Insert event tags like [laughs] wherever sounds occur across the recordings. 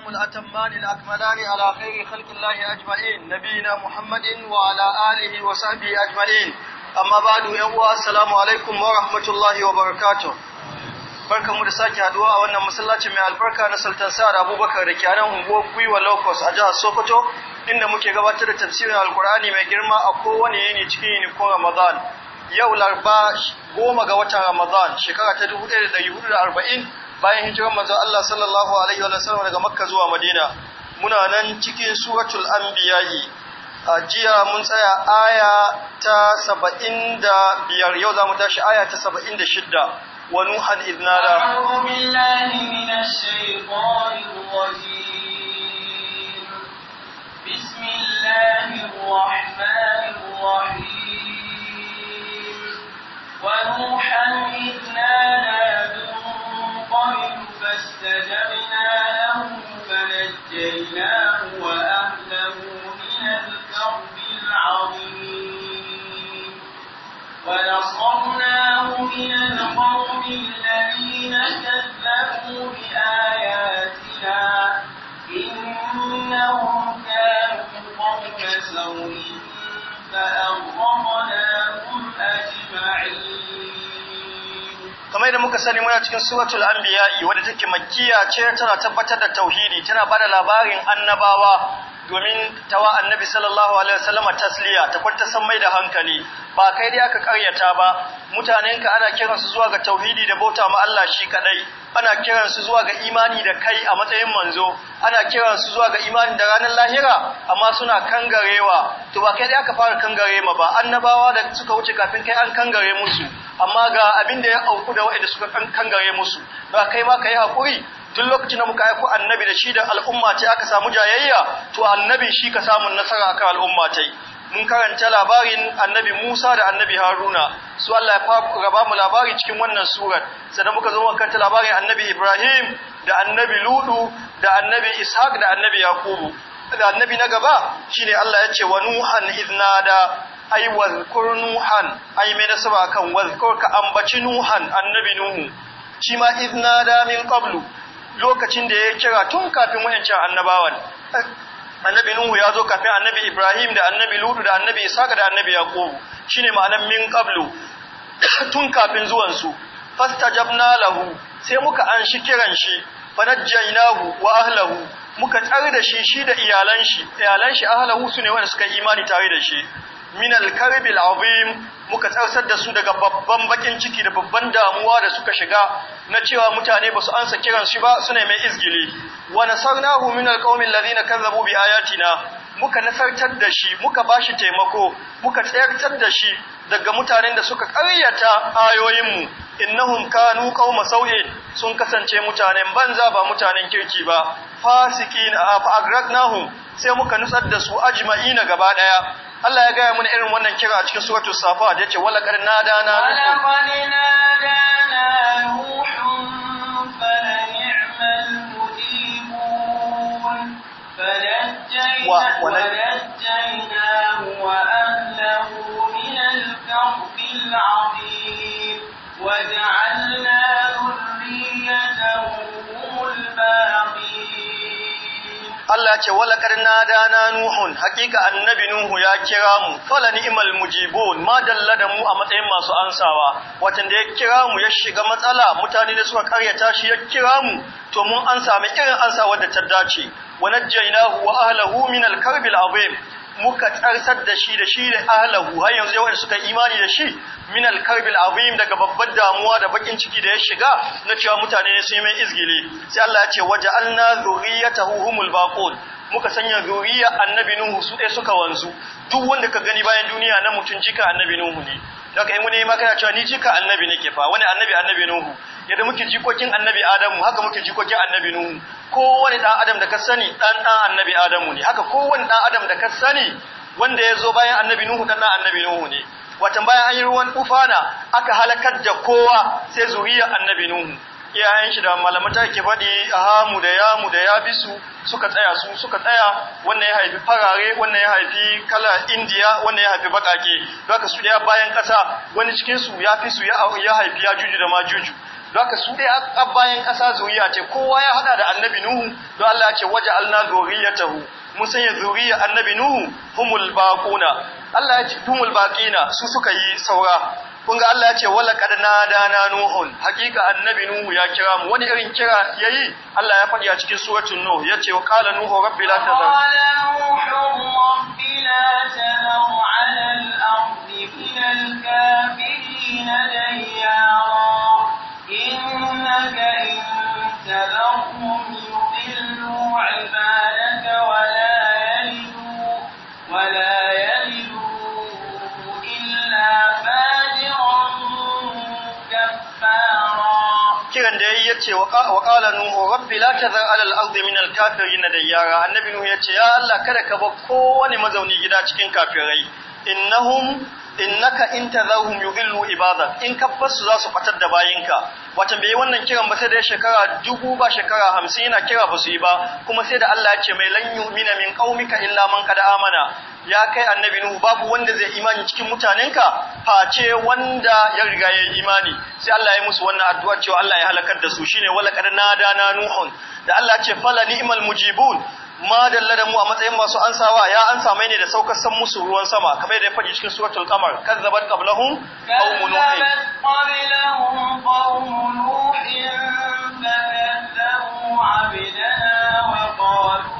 السلام الأتمان الأكملان على خير خلق الله أجمعين نبينا محمد وعلى آله وصحبه أجمعين أما بعد يوم السلام عليكم ورحمة الله وبركاته barkan mu da sake haduwa a wannan masallaci mai albarka na Sultan Sa'ad Abubakar da ke a nan unguwar Gwiwa Locust a jihar Sokoto inda muke gabatar da tafsirin Alkur'ani mai girma a kowane yini cikin yinikun Ramadan yau larba goma ga watan Ramadan shekara ta arba'in. bayan hijirar manzon Allah sallallahu alaihi wa sallam daga Makka zuwa Madina muna nan cikin suratul anbiya'i a jiya mun tsaya aya ta 75 yau zamu tashi aya ta 76 wa nuhan idnada a'udhu billahi minash rajim bismillahir rahmanir rahim wa nuhan قبل فاستجبنا له فنجيناه وأهله من الكرب العظيم ونصرناه من القوم الذين كذبوا بآياتنا إنهم كانوا قوم سوء فأغرقناهم أجمعين kamar yadda muka sani muna cikin suratul anbiya wadda take makkiya ce tana tabbatar da tauhidi tana bada labarin annabawa domin tawa annabi sallallahu alaihi wasallam tasliya ta kwanta san mai da hankali ba kai dai aka karyata ba mutanenka ana kiran su zuwa ga tauhidi da bauta ma Allah shi kadai ana kiran su zuwa ga imani da kai a matsayin manzo ana kiran su zuwa ga imani da ranar lahira amma suna kangarewa to ba kai dai aka fara kangare ma ba annabawa da suka wuce kafin kai an kangare musu amma ga abin da ya auku da waɗanda suka kangare musu ba kai ma kai hakuri tun lokacin da muka aiko annabi da shi da al'umma ce aka samu jayayya to annabi shi ka samu nasara akan al'umma ce mun karanta labarin annabi Musa da annabi Haruna su Allah ya raba mu labari cikin wannan surar sannan muka zo muka labarin annabi Ibrahim da annabi Ludu da annabi Ishaq da annabi Yakubu da annabi na gaba shine Allah ya ce wa Nuhan idnada ai wazkur nuhan ai mai nasaba kan wazkur ka ambaci nuhan annabi nuhu shi ma da min qablu lokacin da ya kira tun kafin wayancin annabawan annabi nuhu ya zo kafin annabi ibrahim da annabi ludu da annabi isaka da annabi yaqub shine ma'anar min qablu [coughs] tun kafin zuwan su fastajabna lahu sai muka an shi kiran shi fanajjaynahu wa ahlahu muka tsar da shi shi da iyalan shi iyalan shi ahlahu sune wanda suka yi imani tare da shi min al-karbil azim muka tsarsar da su daga babban bakin ciki da babban damuwa da suka shiga na cewa mutane ba su ansa kiran shi ba suna mai izgili wa nasarnahu min al-qaumi alladhina kazzabu bi ayatina muka nasartar da shi muka bashi taimako muka tsayartar da shi daga mutanen da suka ƙaryata ayoyinmu innahum kanu qauma sau'in sun kasance mutanen banza ba mutanen kirki ba fasikin fa agraknahum sai muka nutsar da su ajma'ina gaba daya Allah ya gaya mana irin wannan kira a cikin suratul safat yace wala qad nadana laqad Allah ce wala karna dana nuhun hakika annabi nuhu ya kira mu fala ni'mal mujibun ma dalla da mu a matsayin masu ansawa watan da ya kira mu ya shiga matsala mutane da suka karyata shi ya kira mu to mun ansa irin ansa da ta dace wa najjaynahu wa ahlihi min al-karbil azim muka tsarsar da shi da shi da ahlahu har yanzu yawan suka imani da shi min al-karbil azim daga babbar damuwa da bakin ciki da ya shiga na cewa mutane ne sun mai izgili sai Allah ya ce waja'alna ta humul baqul muka sanya zuriya annabi Nuhu su ɗaya suka wanzu duk wanda ka gani bayan duniya na mutum jika annabi Nuhu ne Daga in wani ma kana cewa ni jika annabi nake fa wani annabi annabi Nuhu yadda muke jikokin annabi Adamu haka muke jikokin annabi Nuhu kowane dan Adam da ka sani dan dan annabi Adamu ne haka kowane dan Adam da ka sani wanda ya zo bayan annabi Nuhu dan dan annabi Nuhu ne watan bayan an yi ruwan ufana aka halakar da kowa sai zuriyar annabi Nuhu iyayen shi da malamata ke faɗi ahamu da ya, mu da ya su, suka tsaya su suka tsaya wannan ya haifi farare wannan ya haifi kala indiya wannan ya haifi bakake don su ɗaya bayan ƙasa wani cikin su ya fi su ya haifi ya juju da ma juju Doka su ɗaya bayan ƙasa zuriya ce kowa ya haɗa da annabi Nuhu don Allah ce waje alna tahu mun sanya zuriya annabi Nuhu humul baƙuna. Allah ya ce humul baƙina su suka yi saura kun ga Allah ya ce wala kad nadana nuhun hakika annabi nuhu ya kira mu wani irin kira yayi Allah ya faɗi a cikin suratul nuh yace wa qala nuhu rabbi la tazar qala nuhu rabbi la tazar ala al-ardi min al-kafirin dayyara innaka in tadhum yudillu ibadaka wa la yace wa qala nuhu rabbi la tadhar ala al-ard min al-kafirin dayyara annabi nuhu yace ya Allah kada ka bar kowani mazauni gida cikin kafirai innahum innaka in tadhahum yudhillu ibadak in kabbasu za su fatar da bayinka wata bai wannan kiran ba sai da shekara dubu ba shekara hamsin yana kira ba su yi ba kuma sai da Allah ya ce mai lan yu'mina min qaumika illa man qad amana ya kai annabi nuhu babu wanda zai imani cikin mutanenka face wanda ya riga ya imani sai Allah ya musu wannan addu'a cewa Allah ya halakar da su shine wala kad na nuhun da Allah ce fala ni'mal mujibun ma dalla da mu a matsayin masu ansawa ya ansa mai ne da saukar san musu ruwan sama kamar da ya faɗi cikin suratul qamar kazzabat qablahum qaumun nuh qablahum nuh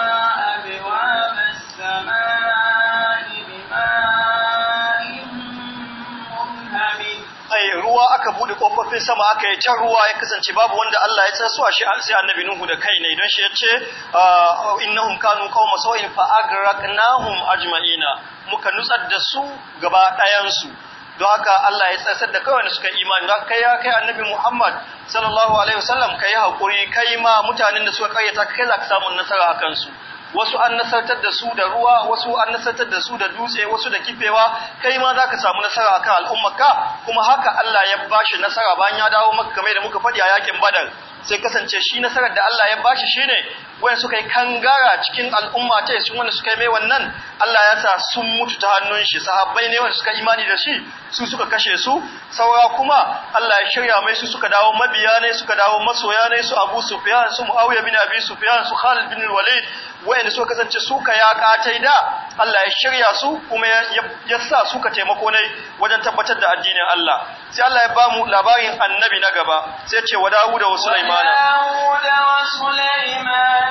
aka buɗe kofofin sama aka yi can ruwa ya kasance babu wanda Allah ya tsasuwa shi sai annabi Nuhu da kai ne don shi ya ce ah, innahum kanu qauma sawin fa agraqnahum ajma'ina muka nutsar da su gaba ɗayan su don haka Allah ya tsasar da wanda suka imani don kai ya kai annabi Muhammad sallallahu alaihi wasallam kai hakuri kai ma mutanen da suka kayyata kai za ka samu nasara a su. wasu an nasartar da su da ruwa wasu an nasartar da su da dutse wasu da kifewa kai ma zaka samu nasara akan al'ummarka kuma haka Allah ya bashi nasara bayan ya dawo maka kamar da muka faɗi a yakin Badar sai kasance shi nasarar da Allah ya bashi shine wanda suka yi kangara cikin al'umma ta sun wani suka yi mai wannan Allah ya sa sun mutu ta hannun shi sahabbai ne wani suka imani da shi su suka kashe su saura kuma Allah ya shirya mai su suka dawo mabiya ne suka dawo masoya ne su Abu Sufyan su Muawiya bin Abi Sufyan su Khalid bin Walid wanda suka kasance suka ya katai da Allah ya shirya su kuma ya sa suka taimako ne wajen tabbatar da addinin Allah sai Allah ya ba mu labarin annabi na gaba sai ce wa Dawuda da Sulaimana imana.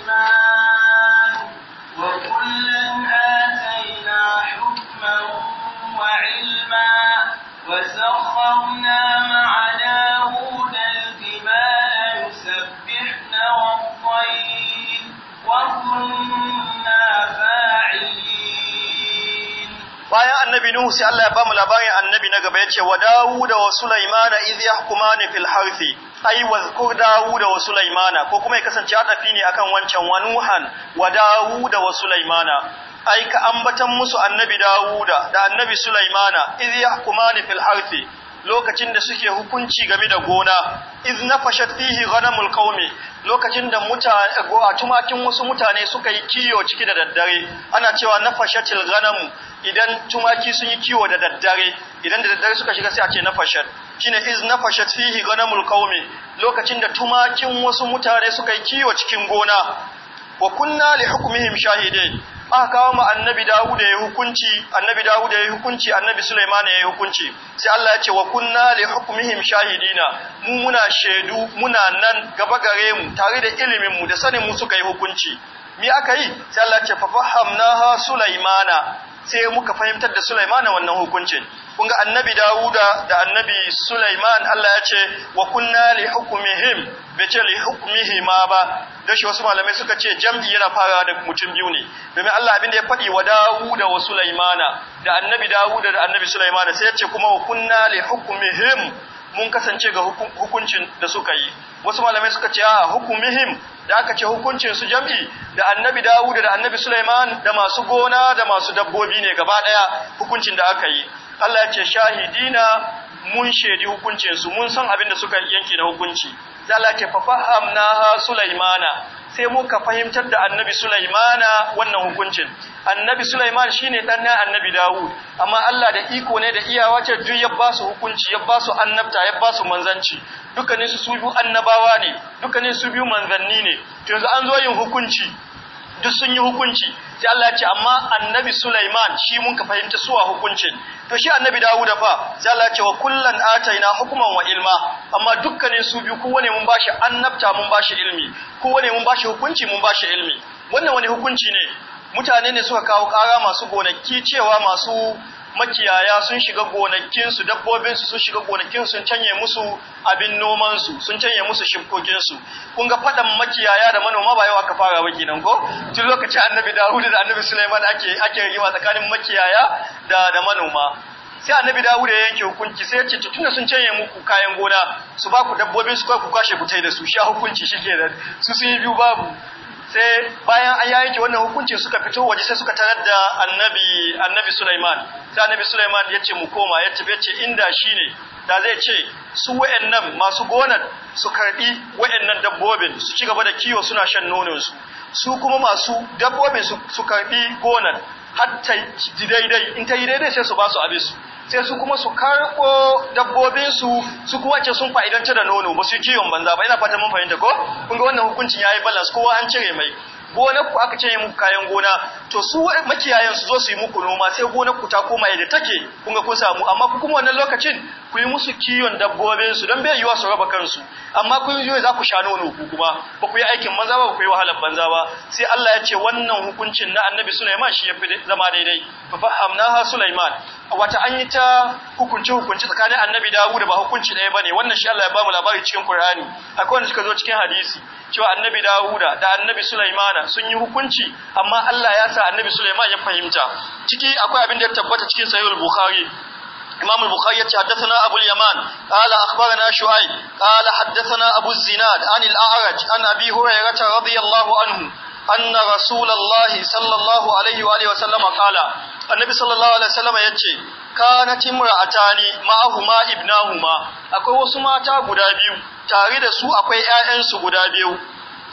annabi Nuhu sai Allah ya ba mu labarin annabi na gaba yace wa Dawuda wa Sulaimana idh yahkumani fil harthi ai wa zkur Dawuda wa Sulaimana ko kuma ya kasance adafi ne akan wancan wa Nuhan wa Dawuda wa Sulaimana ai ka ambatan musu annabi Dawuda da annabi Sulaimana idh yahkumani fil harthi lokacin da suke hukunci game da gona iz nafashat fihi ghanamul qaumi lokacin da mutane tumakin wasu mutane suka yi kiyo ciki da daddare ana cewa nafashatil ghanam idan tumaki sun yi kiwo da daddare idan da daddare suka shiga sai a ce nafashat shine iz nafashat fihi ghanamul qaumi lokacin da tumakin wasu mutane suka yi kiyo cikin gona wa kunna li hukmihim shahidin aka kawo mu annabi Dawud ya hukunci annabi Dawud ya hukunci annabi Sulaiman ya hukunci sai Allah ya ce wa kunna li hukmihim shahidina mu muna shaidu muna nan gaba gare mu tare da ilimin mu da sanin mu suka yi hukunci mi aka yi sai Allah ya ce fa fahamnaha Sulaimana sai muka fahimtar da Sulaimana wannan hukuncin kun ga annabi Dawuda da annabi Sulaiman Allah ya ce wa kunna li hukmihim bai ce li ma ba da shi wasu malamai suka ce jam'i yana fara da mutum biyu ne domin Allah abin da ya faɗi wa Dawuda wa Sulaimana da annabi Dawuda da annabi Sulaimana sai ya ce kuma wa kunna li hukmihim mun kasance ga hukuncin da suka yi wasu malamai suka ce a hukumihim da aka ce hukuncin su jam'i da annabi Dawuda da annabi Sulaiman da masu gona da masu dabbobi ne gaba daya hukuncin da aka yi Allah ce shahidina mun shaidi hukuncin su mun san abin da suka yanke na hukunci sai Allah ce fa fahamnaha Sulaimana sai muka fahimtar da Annabi Sulaimana wannan hukuncin Annabi Sulaiman shine dan nan Annabi Dawud amma Allah da iko ne da iyawa ce duk ya ba su hukunci ya ba su annabta ya ba su manzanci dukkanin su su biyu annabawa ne dukkanin su biyu manzanni ne to yanzu an zo yin hukunci duk sun yi hukunci sai Allah ya ce amma annabi Sulaiman shi mun ka fahimta suwa hukuncin to shi annabi Dawud fa sai Allah ya ce wa kullan ataina hukman wa ilma amma dukkanin su biyu kowane mun bashi annabta mun bashi ilmi kowane mun bashi hukunci mun bashi ilmi wannan wani hukunci ne mutane ne suka kawo kara masu gonaki cewa masu makiyaya sun shiga gonakinsu dabbobinsu sun shiga gonakin sun canye musu abin nomansu sun canye musu shimkokinsu kun ga faɗan makiyaya da manoma ba yau aka fara ba kenan ko tun lokaci annabi dawud da annabi sulaiman ake ake rigima tsakanin makiyaya da da manoma sai annabi dawud ya yanke hukunci sai ya ce tunda sun canye muku kayan gona su ba ku dabbobin su ku kwashe ku tai da su sha hukunci kenan su sun yi biyu babu sai bayan an yanke wannan hukunci suka fito waje sai suka tarar da annabi annabi Sulaiman sai annabi Sulaiman ya ce mu koma ya tafi ce inda shine da zai ce su wayennan masu gonar su karbi wayannan dabbobin su ci gaba da kiwo suna shan nonon su su kuma masu dabbobin su su karbi gonar har ta daidai in ta yi daidai sai su ba su abin su sai su kuma su karko dabbobinsu su kuma ce sun fa'idanci da nono ba su kiyon banza ba ina fata mun fahimta ko kun ga wannan hukuncin yayi balas kowa an cire mai gonar ku aka ce muku kayan gona to su makiyayen su zo su yi muku noma sai gonar ku ta koma yadda take kun ga kun samu amma kuma wannan lokacin ku yi musu kiyon dabbobinsu don bai yiwa su raba kansu amma kun yi za ku sha nono ku kuma ba ku yi aikin maza ba ku yi wahalar banza ba sai Allah ya ce wannan hukuncin na annabi Sulaiman shi ya fi zama daidai fa ha Sulaiman wata an yi ta hukunci hukunci tsakanin annabi Dawud ba hukunci ɗaya bane wannan shi Allah ya bamu labari cikin Qur'ani akwai wanda suka zo cikin hadisi cewa annabi Dawuda da annabi Sulaimana sun yi hukunci amma Allah ya sa annabi Sulaiman ya fahimta ciki akwai abin da ya tabbata cikin sahih al-Bukhari إمام البخاري حدثنا أبو اليمان قال أخبرنا شعيب قال حدثنا أبو الزناد عن الأعرج عن أبي هريرة رضي الله عنه أن رسول الله صلى الله عليه وآله وسلم قال النبي صلى الله عليه وسلم يتشي كانت امرأتان معهما ابناهما أكو وسماتا قدابيو تاريد سوء أكو آئنس قدابيو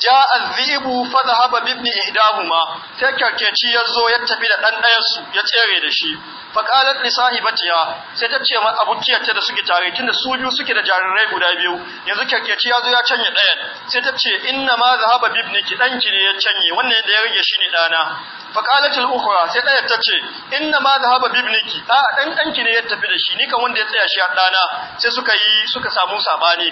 ja azibu fa zahaba bi ibni ihdahuma sai karkeci yazo ya tafi da dan dayan su ya tsere da shi fa qalat li sahibatiha sai ta ce ma abukiyar ta da suke tare tunda su biyu suke da jarirai guda biyu yanzu karkeci yazo ya canye dayan sai ta ce inna ma zahaba bi ibniki danki ne ya canye wannan da ya rage shi ne dana faqalatul ukhra sai ta ce inna ma dhahaba bibniki a ɗanɗanki danki ne ya tafi da shi ni kan wanda ya tsaya shi har ɗana sai suka yi suka samu sabani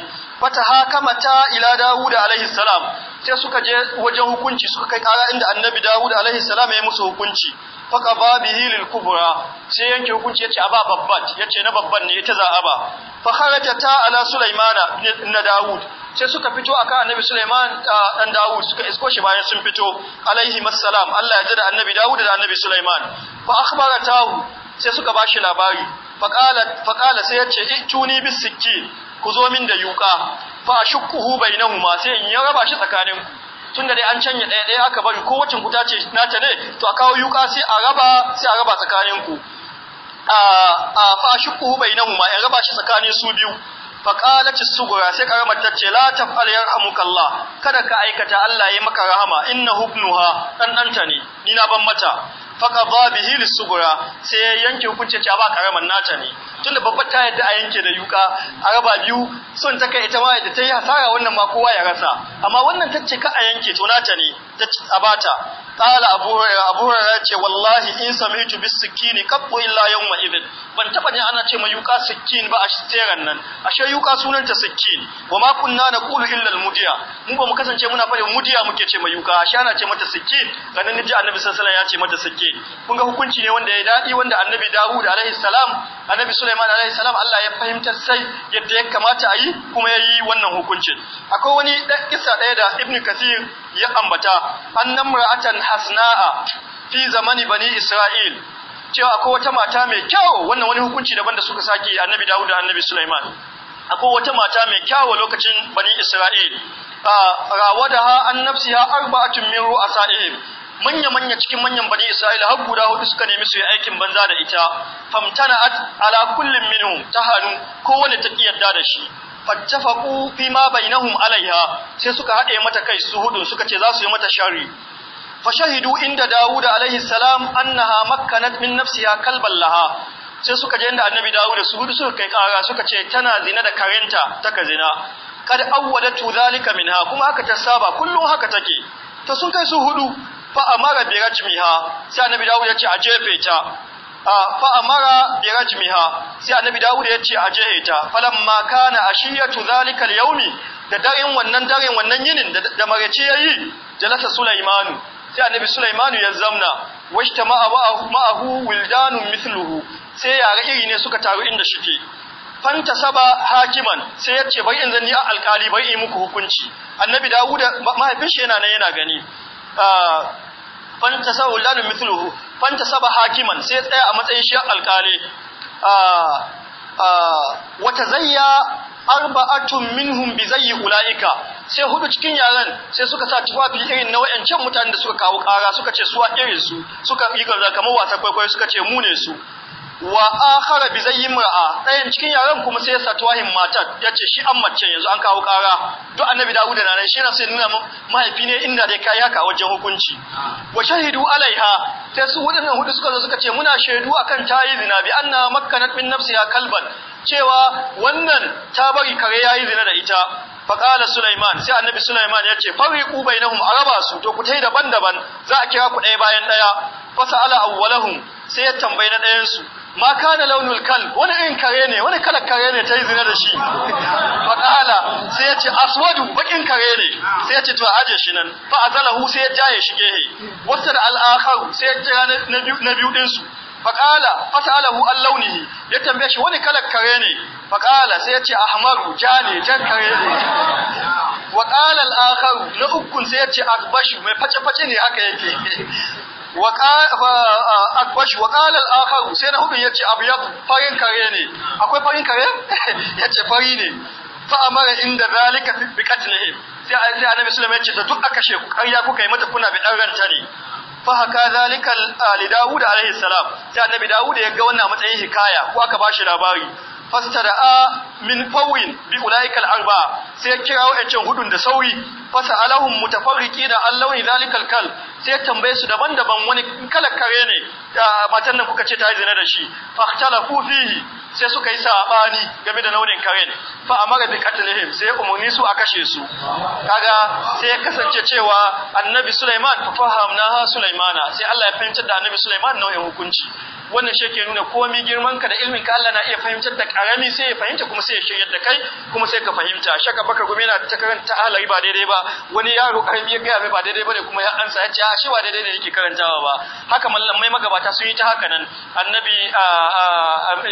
kama ta ila da alaihi salam sai suka je wajen hukunci suka kai ƙara inda annabi dawud alaihi salam ya yi musu hukunci faka ba hilin kubra sai yanke hukunci yace aba babban yace na babban ne ita za a ba fa ta ala sulaimana na daud sai suka fito kan annabi sulaiman dan daud suka isko shi bayan sun fito alaihi Allah ya jada annabi Dawud da annabi sulaiman fa akhbaratahu sai suka bashi labari faƙala sai ya ce ituni bis sikki ku zo min da yuka fa ashukkuhu bainahuma sai in ya raba shi tsakanin tunda dai an canya ɗaya ɗaya aka bari ko wacin kuta ce nata ne to a kawo yuka sai a raba sai a raba tsakanin ku a fa shuqu ma in raba shi tsakanin su biyu faƙalaci sugura sai karamar ta ce la taf'al yarhamukallah kada ka aikata Allah ya maka rahama innahu ibnuha dan ta ne ni na ban mata faka ba bihi lisugura sai ya yanke hukunci ce ba karaman nata ne tunda babbar ta yadda a yanke da yuka a raba biyu son ta kai ita ma yadda ta yi hasara wannan ma kowa ya rasa amma wannan ta ce ka a yanke to nata ne ta a bata qala abu abu ya ce wallahi in sami'tu bis sikini qabbu illa yawma idin ban taba ne ana ce ma yuka sikin ba a tseren nan ashe yuka sunan ta sikin wa ma kunna naqulu illa al mudiya mu ba mu kasance muna fara mudiya muke ce ma yuka ashe ana ce mata sikin kanin ji annabi sallallahu alaihi wasallam ya ce mata sikin al kun ga hukunci ne wanda ya dadi wanda annabi Dawud alaihi salam annabi Sulaiman alaihi salam Allah ya fahimta sai yadda ya kamata a yi kuma ya yi wannan hukuncin akwai wani dan kisa ɗaya da Ibn Kathir ya ambata annam ra'atan hasna'a fi zamani bani Isra'il cewa akwai wata mata mai kyau wannan wani hukunci daban da suka saki annabi Dawud da annabi Sulaiman akwai wata mata mai kyau lokacin bani Isra'il A rawadaha an nafsiha arba'atun min ru'asaihim manya-manya cikin manyan bani Isra'ila har guda hudu suka nemi su yi aikin banza da ita Famtana ala kullin ta hannu, kowane ta kiyarda da shi fattafaqu fi ma bainahum alaiha sai suka hade mata kai su hudu, suka ce za su yi mata shari fashahidu inda Dawud alaihi salam annaha makkanat min nafsiha kalban laha sai suka je inda annabi Dawud su hudu suka kai kara suka ce tana zina da karenta taka zina kad awwadatu zalika minha kuma haka ta saba kullum haka take ta sun kai su hudu fa amara bi rajmiha sai annabi Dawud ya ce a jefe ta fa amara bi rajmiha sai annabi Dawud ya ce a jehe ta ma kana ashiyatu zalika yaumi da daren wannan daren wannan yinin da ya yayi jalasa Sulaimanu sai annabi Sulaimanu ya zamna washta ma'ahu wildanun mithluhu sai yare iri ne suka taru inda shike fanta saba hakiman sai ya ce bai in zanni alkali bai yi muku hukunci annabi dawuda mahaifin shi yana nan yana gani fanta sa wuldanun mithluhu fanta saba hakiman sai tsaya a matsayin shi alkali ah, ah, wata zayya arba'atun minhum bi zayyi ulaika sai hudu cikin yaran sai suka sa tufafi irin na wayancan mutanen da suka kawo kara suka ce suwa irin su suka yi kaza kamar wasa kwaikwayo suka ce mu ne su wa akhara bi zayyin mar'a ɗayan cikin yaran kuma sai ya sa tuwahin matar yace shi an mace yanzu an kawo kara to annabi Dawud na nan shi na sai nuna mahaifi ne inda dai kai haka wajen hukunci wa shahidu alaiha sai su wadannan hudu suka zo suka ce muna shaidu akan tayi zina bi anna makkanat min nafsiha kalban cewa wannan ta bari kare yayi zina da ita faƙala Sulaiman sai annabi Sulaiman ya ce fariqu bainahum araba su to ku tai daban-daban za a kira ku ɗaya bayan ɗaya fasa ala awwalahum sai ya tambayi na ɗayan su ma kana launul kal wani irin kare ne wani kalar kare ne ta yi zina da shi fa qala sai ya ce aswadu bakin kare ne sai ya ce to aje shi nan fa azalahu sai ya jaye shi gehe wasta da al sai ya kira na biyu din su faƙala fasalahu an launihi ya tambaye shi wani kalar kare ne faƙala sai ya ce ahmaru ja ne jan kare ne wa ƙala al'akaru na ukun sai ya ce akbashu mai face-face ne haka yake akwash wa qala al-akhar sai na hudun ce, abu ya farin kare ne akwai farin kare [laughs] Ya ce fari ne fa mara inda zalika bi qatlihim sai a annabi sallallahu alaihi wasallam yace da duk aka sheku ƙarya kuka yi mata kuna bi dan ranta ne fa haka zalika li Dawud alaihi salam sai annabi Dawud ya ga wannan matsayin hikaya ko aka bashi labari a min fawin bi ulaikal arba sai ya kira wa'ancan hudun da sauri Fasa mutafarriki da allawi zalikal kal sai ya tambaye su daban-daban wani kalar kare ne matan nan kuka ce ta yi zina da shi fahtalafu fihi sai suka yi sabani game da launin karen fa a mara bi katilihim sai umarni su a kashe su kaga sai ya kasance cewa annabi Sulaiman fa fahamna ha Sulaimana sai Allah ya fahimci da annabi Sulaiman nau'in hukunci wannan shi ke nuna komai girman ka da ilmin ka Allah na iya fahimtar da karami sai ya fahimta kuma sai ya shiryar da kai kuma sai ka fahimta shaka baka gumi na ta karanta alari ba daidai ba wani yaro karami ya gaya mai ba daidai bane kuma ya ansa ya ce a shi ba daidai ne yake karantawa ba haka mallamai magabata sun yi ta haka nan annabi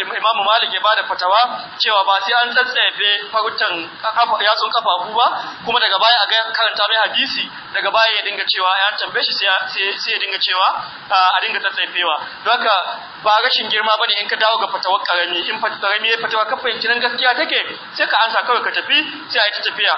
imamu malik ya bada fatawa cewa ba sai an tsatsaye farutan kafa yatsun kafafu ba kuma daga baya a ga karanta mai hadisi daga baya ya dinga cewa ya tambaye shi sai ya dinga cewa a dinga tsatsefewa don haka ba rashin girma ba ne in ka dawo ga fatawar karami in fatawar karami ya fatawa ka fahimci nan gaskiya take sai ka ansa kawai ka tafi sai a yi tafiya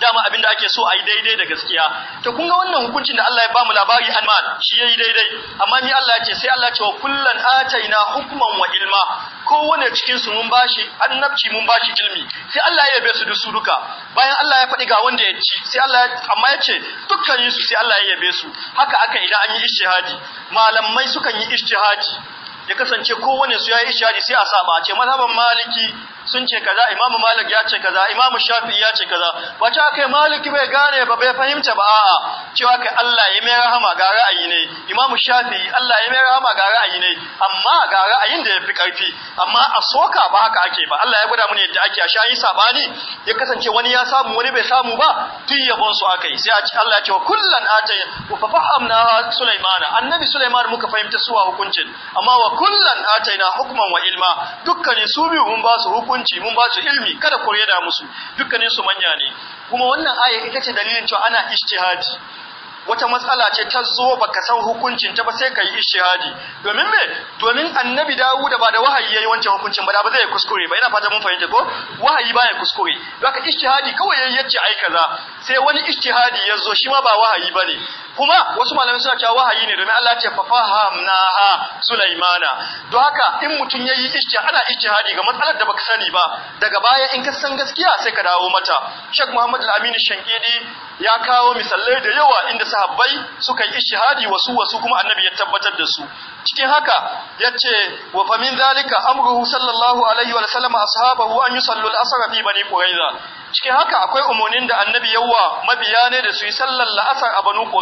dama abin da ake so a yi daidai da gaskiya to kun ga wannan hukuncin da Allah ya bamu labari an shi yayi daidai amma ni Allah ya ce sai Allah ya ce wa kullan ataina hukman wa ilma kowane cikin su mun bashi annabci mun bashi ilmi sai Allah ya yabe su da su duka bayan Allah ya faɗi ga wanda ya ci sai Allah amma ya ce dukkanin su sai Allah ya yabe su haka aka idan an yi ishtihadi malamai sukan yi ishtihadi ya kasance kowane su ya yayi ishtihadi sai a saba a ce mazhaban maliki sun ce kaza Imam malik ya ce kaza Imam Shafi ya ce kaza ba ta kai malik bai gane ba bai fahimta ba a'a cewa kai Allah ya mai rahama ga ra'ayi ne Imam Shafi, Allah ya mai rahama ga ra'ayi ne amma ga ra'ayin da yafi karfi amma a soka ba haka ake ba Allah ya gwada mu ne yadda ake a shayi sabani ya kasance wani ya samu wani bai samu ba duk yabon su aka yi sai a ce Allah ya ce wa kullan atay fa fahamna Sulaimana, annabi Sulaiman muka fahimta suwa hukuncin amma wa kullan atayna hukman wa ilma dukkan su biyu mun ba su hukunci hukunci mun ba su ilmi kada ku reda musu dukkanin su manya ne kuma wannan aya ita ce dalilin cewa ana ijtihadi wata matsala ce ta zo baka san hukuncin ta ba sai kai ijtihadi domin me domin annabi Dawud ba da wahayi yayi wancan hukuncin ba da ba zai kuskure ba ina fata mun fahimta ko wahayi baya kuskure haka ijtihadi kawai yayi yace ai kaza sai wani ijtihadi ya zo shi ma ba wahayi bane kuma wasu malamai suna cewa wahayi ne domin Allah ce fafahamna ha Sulaimana don haka in mutum yayi ijtihad ana ijtihadi ga matsalar da baka sani ba daga baya in ka san gaskiya sai ka dawo mata Sheikh Muhammad Al-Amin Shankidi ya kawo misalai da yawa inda sahabbai suka yi ijtihadi wasu wasu kuma annabi ya tabbatar da su cikin haka yace wa famin zalika amruhu sallallahu alaihi wa sallam ashabahu an yusallu al-asr fi bani quraiza cikin haka akwai umarnin da annabi yawa mabiya ne da su yi sallar la'asar a banu ba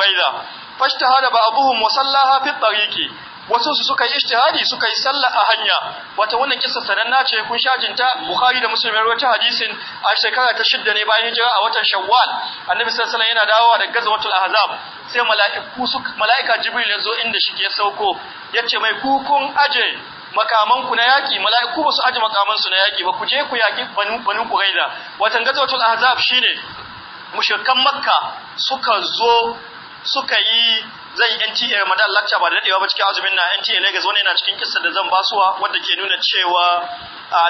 a buhun wa musalla fi tsariki wasu su suka yi ijtihadi suka yi sallah a hanya wata wannan sanan na ce kun shajinta bukari da ruwa ta hadisin a shekara ta shidda ne bayan hijira a watan shawwal annabi sallallahu alaihi yana dawowa daga gazwatul ahzab sai mala'iku mala'ika jibril ya zo inda shi ke sauko Ya ce mai kukun aje makaman ku na yaki mala'iku ba su aje makaman su na yaki ba ku je ku yaki banu banu watan gazawatul ahzab shine mushrikan makka suka zo suka yi zan yi NTA Ramadan lecture ba da dadewa ba cikin azumin na NTA Lagos wani yana cikin kissa da zan basuwa wanda ke nuna cewa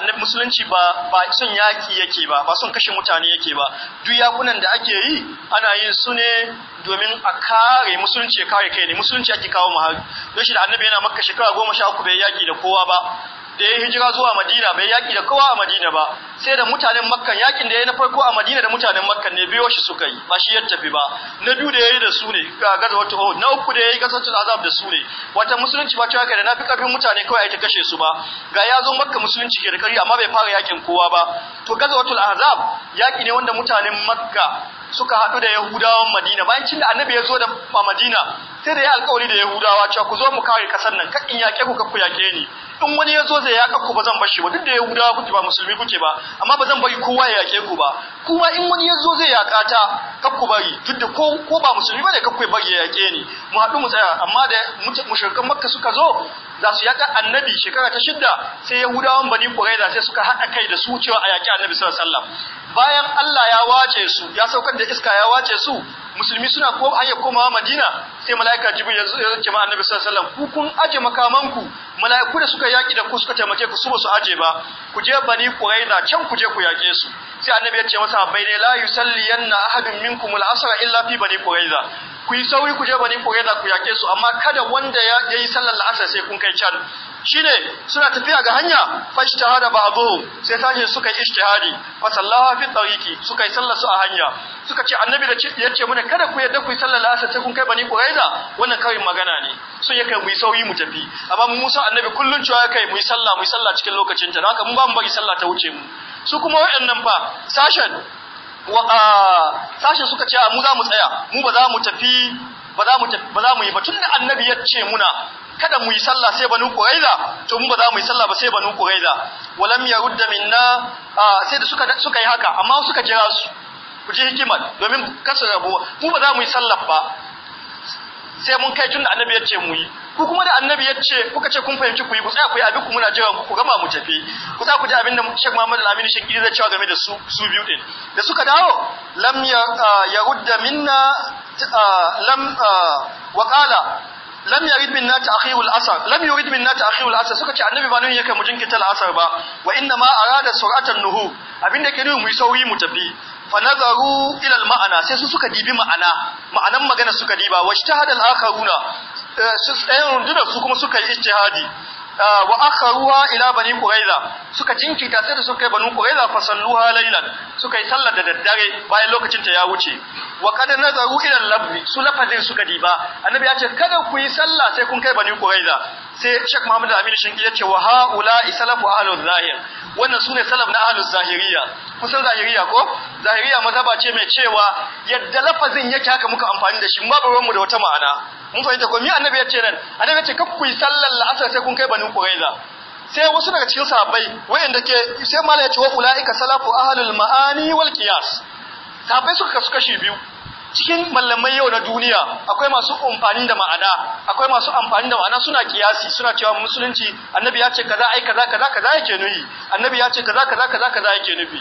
annabi musulunci ba ba son yaki yake ba ba son kashe mutane yake ba duk yakunan da ake yi ana yin su ne domin a kare musulunci ya kare kai ne musulunci ake kawo mu har don shi da annabi yana makka shekara goma sha uku bai yaki da kowa ba da ya hijira zuwa Madina bai yaki da kowa a Madina ba sai da mutanen Makka yakin da yayi na farko a Madina da mutanen Makka ne biyo shi suka yi ba shi ya tafi ba na biyu da yayi da su ne ga wata Uhud na uku da yayi gazwatul Azab da su ne wata musulunci ba ta kai da nafi karfin mutane kawai ai ta kashe su ba ga ya zo Makka musulunci ke da kari amma bai fara yakin kowa ba to wata azab yaki ne wanda mutanen Makka suka haɗu da Yahudawan Madina bayan cin da annabi ya zo da Madina sai da ya alƙawari da Yahudawa cewa ku zo mu kare kasar nan kakin yake ku kakku yake ni in wani ya zo zai yaƙa ku ba zan bashi ba duk da yahudawa kuke ba musulmi kuke ba amma ba zan bari kowa ya yake ku ba kuma in wani ya zo zai yaƙa ta kar bari duk da ko ba musulmi bane ne bari ya yake ni mu haɗu mu tsaya amma da mushirkan makka suka zo za su yaka annabi shekara ta shidda sai yahudawan bani ƙuraiza sai suka haɗa kai da su cewa a yaƙi annabi sallallahu alaihi wasallam bayan Allah ya wace su ya saukar da iska ya wace su musulmi suna ko hanyar komawa Madina sai malaika Jibril ya zo ma Annabi sallallahu alaihi wasallam ku kun aje makamanku malaiku da suka yaƙi da ku suka taimake ku su ba su aje ba ku je Bani ƙuraiza, can ku je ku yake su sai Annabi ya ce masa bai ne la yusalliyanna ahadun minkum al-asra illa fi Bani ƙuraiza. ku yi sauri ku je bani kuraiza ku yake su amma kada wanda ya yi sallar la'asar sai kun kai can Shi ne suna tafiya ga hanya fashtahada ba'dhum sai tashi suka yi ijtihadi fa sallaha fi tsariki suka yi sallar su a hanya suka ce annabi da ce mana kada ku yadda ku yi sallar la'asar sai kun kai bani kuraiza wannan kawai magana ne sun kai mu yi sauri mu tafi amma mu musa annabi kullum cewa kai mu yi sallah mu yi sallah cikin lokacin ta haka mun ba mu bari sallah ta wuce mu su kuma waɗannan fa sashen Sashen suka ce mu za mu tsaya mu ba za mu tafi ba za mu ba za mu yi ba da annabi ya ce muna kada mu yi sallah sai banu quraiza to mu ba za mu yi sallah ba sai banu quraiza walam yarudda minna sai da suka suka yi haka amma suka jira su ku ji hikimar domin kasa rabuwa mu ba za mu yi sallah ba sai mun kai da annabi ya ce mu yi ku kuma da annabi yace kuka ce kun fahimci ku yi ku tsaya ku yi abin ku muna jiran ku gama mu tafi ku za ku ji abin da Sheikh Muhammad Al-Amin Sheikh zai cewa game da su su biyu din da suka dawo lam yarudda minna lam wa qala lam yurid minna ta'khir al-asr lam yurid minna ta'khir al-asr suka ce annabi ba nan yake mu jinkita al-asr ba wa inna ma arada sur'atan nuhu Abin da ke nuni mu yi sauri mu tafi fa nazaru ila al-ma'ana sai su suka dibi ma'ana ma'anan magana suka diba washtahada al-akharuna Eh, sun rundunar eh, su kuma suka yi jihadi eh, wa ruwa ila bani kuraiza suka jinkita sai da suka yi bani kuraiza fasallu salluha suka yi sallar da daddare bayan lokacin ta ya wuce wa kad nazaru ila labbi su lafazin suka diba annabi ya ce kada ku yi sallah sai kun kai bani kuraiza sai shek Muhammad Aminu Shinki ya ce wa ula isalafu ahlul zahir wannan sune salaf na ahlul zahiriya kusan zahiriya ko zahiriya mazaba ce mai cewa yadda lafazin yake haka muka amfani da shi ba mu da wata ma'ana mun fahimta ko mi annabi ya ce nan annabi ya ce kar ku yi sallar la'asar sai kun kai banin kuraiza sai wasu daga cikin sahabbai wayanda ke sai malai ya ce wa ulaika salafu ahlul ma'ani wal qiyas sahabbai suka kasu kashi biyu cikin mallamai yau na duniya akwai masu amfani da ma'ana akwai masu amfani da ma'ana suna kiyasi suna cewa musulunci annabi ya ce kaza ai kaza kaza kaza yake nufi annabi ya ce kaza kaza kaza kaza yake nufi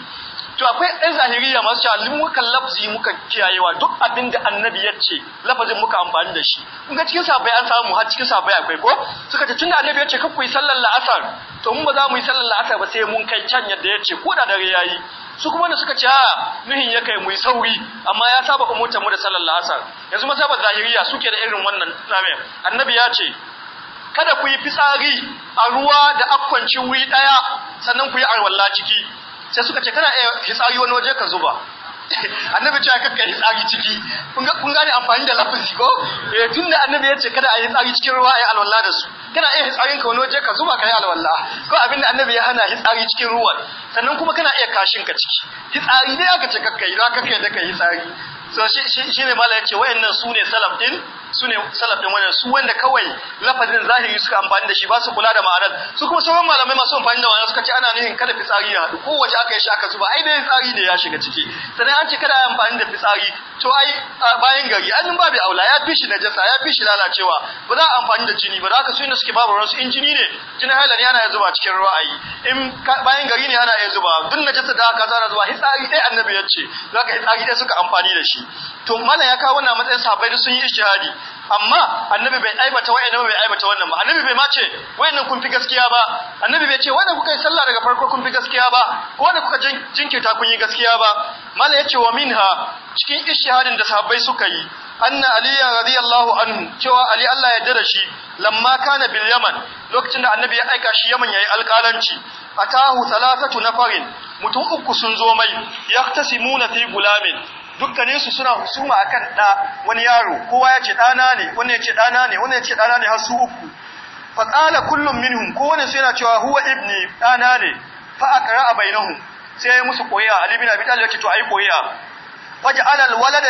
to akwai ɗan zahiriya masu cewa muka lafzi muka kiyayewa duk abin da annabi ya ce lafazin muka amfani da shi In ga cikin sabai an samu har cikin sabai akwai ko suka ce tunda annabi ya ce kakku sallar la'asar to mun ba za mu yi sallar la'asar ba sai mun kai can yadda ya ce ko da dare yayi su kuma da suka ce a nuhin ya kai mu sauri amma ya saba umurta mu da sallar la'asar yanzu masabar zahiriya suke da irin wannan namin annabi ya ce kada ku yi fitsari a ruwa da akwanci wuri daya sannan ku yi arwalla ciki sai suka ce kana iya fitsari wani waje ka zuba [laughs] annabi cewa kakka yi tsari ciki kun gane amfani da lafi ko eh, tun da annabi ya ce kada a yi tsari cikin ruwa a yi alwallah da su kana iya hitsarin ka wani waje ka zuba ka yi alwallah ko abin da annabi ya hana hitsari cikin ruwan sannan kuma kana iya kashin ka ciki hitsari dai aka ce kakka yi za kakka yi da ka yi tsari so shi ne mala ya ce wayannan su ne salaf din su ne salafin wannan su wanda kawai lafazin zahiri suka amfani da shi ba su kula da ma'anar su kuma sauran malamai masu amfani da wannan suka ce ana nihin kada fitsari ya haɗu kowace aka yi shi aka zuba ai dai tsari ne ya shiga ciki sannan an ce kada a amfani da fitsari to ai bayan gari an babu aula ya fi shi jasa ya fi shi lalacewa ba za a amfani da jini ba za ka su ne suke babu ransu in jini ne jini haila ne ana iya zuba cikin ra'ayi in bayan gari ne ana iya zuba duk jasa da aka zara zuba hitsari dai annabi ya ce za ka hitsari dai suka amfani da shi to malam ya kawo wannan matsayin sahabbai sun yi ijtihadi amma annabi bai aibata wa'annan bai aibata wannan ba annabi bai ma ce wa'annan kun fi gaskiya ba annabi bai ce wanda kuka yi sallah daga farko kun fi gaskiya ba ko wanda kuka jinkirta kun yi gaskiya ba mala yace wa minha cikin ishihadin da sahabbai suka yi anna aliya radiyallahu anhu cewa ali Allah ya dada shi lamma kana bil yaman lokacin da annabi ya aika shi yaman yayi alƙalanci atahu na nafarin mutum uku sun zo mai yaktasimuna fi gulamin dukkanin su suna husuma akan da wani yaro kowa ya ce dana ne wani ya ce dana ne wani ya ce dana ne har su uku fa qala kullum minhum kowane su yana cewa huwa ibni dana ne fa a bainahum sai ya musu koyya ali bin abi talib ce to ai koyya waje alal walada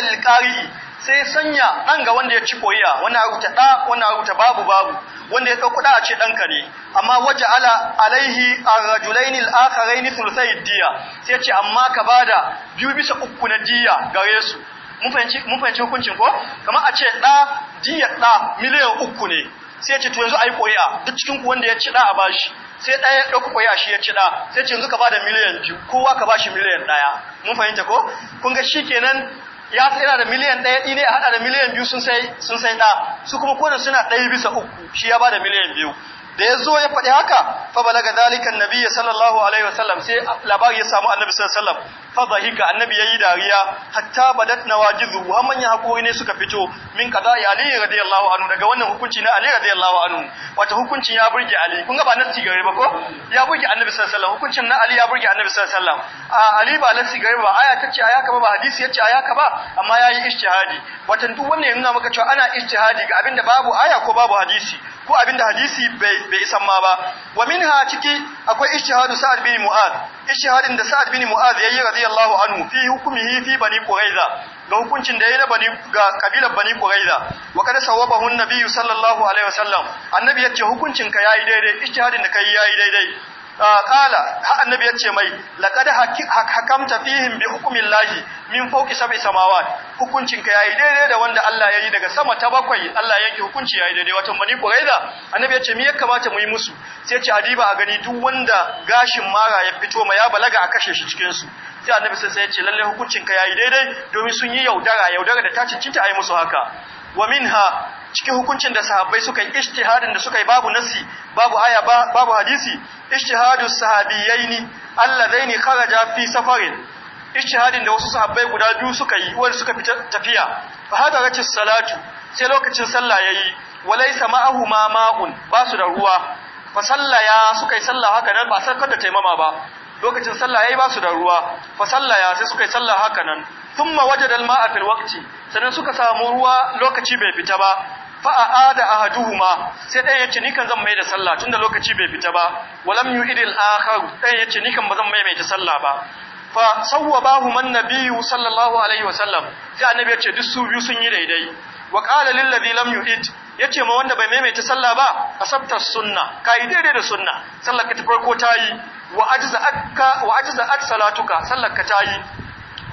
sai sanya ɗan ga wanda ya ci koyiya wanda ya rubuta ɗa wanda ya rubuta babu babu wanda ya ɗauko ɗa a ce ɗanka ne amma waje ala alaihi rajulaini al'akarai ni thulthai diya sai ce amma ka ba da biyu bisa uku na diya gare su mun fahimci hukuncin ko kamar a ce ɗa diya ɗa miliyan uku ne sai ce to yanzu yi koyiya duk cikin ku wanda ya ci ɗa a bashi sai ɗaya ya ɗauki kwaya shi ya ci ɗa sai ce yanzu ka ba da miliyan biyu kowa ka ba shi miliyan ɗaya mun fahimta ko kun ga shi kenan ya yana da miliyan ɗaya ɗine a haɗa da miliyan biyu sun sai ɗa su kuma kodin suna ɗaya bisa uku shi ya ba da miliyan biyu da ya zo ya faɗi haka fa balaga Nabi annabi sallallahu alaihi wasallam sai labari ya samu annabi sallallahu alaihi wasallam fa zahika annabi yayi dariya hatta badat nawajizu wa man ya hakuri ne suka fito min ya ali radiyallahu anhu daga wannan hukunci na ali radiyallahu anhu wato hukuncin ya burge ali kun ga ba nasi gare ba ko ya burge annabi sallallahu alaihi wasallam hukuncin na ali ya burge annabi sallallahu alaihi wasallam ali ba nasi gare ba aya tace aya ka ba hadisi yace aya ka ba amma yayi ijtihadi wato duk wannan yana maka cewa ana ijtihadi ga abinda babu aya ko babu hadisi ko abinda hadisi bai bai isan ma ba wa minha ciki akwai ijtihadu sa'ad bin mu'ad ijtihadin da sa'ad bin mu'ad yayi radiyallahu anhu fi hukmihi fi bani quraiza ga hukuncin da yayi na bani ga kabilar bani quraiza wa kada sawabahu an-nabi sallallahu alaihi wasallam annabi yace hukuncin ka yayi daidai ijtihadin da kai yayi daidai qala ha annabi yace mai laqad hakamta fihim bi hukmillahi min fawqi sab'i samawat hukuncin ka yayi daidai da wanda Allah yayi daga sama ta bakwai Allah yake hukunci yayi daidai wato bani quraiza annabi yace me ya kamata mu yi musu sai yace adiba a gani duk wanda gashin mara ya fito ma ya balaga a kashe shi cikin su sai annabi sai yace lalle hukuncin ka yayi daidai domin sun yi yaudara yaudara da ta cincinta ayi musu haka wa minha cikin hukuncin da sahabbai suka yi ijtihadin da suka yi babu nasi babu aya babu hadisi ijtihadu sahabiyaini allazaini kharaja fi safarin ijtihadin da wasu sahabbai guda biyu suka yi wanda suka fita tafiya fa hadaratis salatu sai lokacin sallah yayi walaysa ma'ahu ma ma'un ba su da ruwa fa sallaya suka yi sallah haka nan ba sarkar da taimama ba lokacin sallah yayi ba su da ruwa fa sallaya sai suka yi sallah haka nan thumma wajada al-ma'a fil waqti sannan suka samu ruwa lokaci bai fita ba Fa'a da aada ma sai ɗaya yace ni zan mai da sallah tunda lokaci bai fita ba walam yu'idil akhar ɗaya yace ni kan ba zan mai mai ta sallah ba fa sawwabahu man nabiyyu sallallahu alaihi wasallam sai annabi yace duk su biyu sun yi daidai wa qala lil ladhi lam yu'id ce ma wanda bai maimaita sallah ba asabta sunna yi daidai da sunna sallar ka ta farko tayi wa ajza akka wa ajza at salatuka sallar ka tayi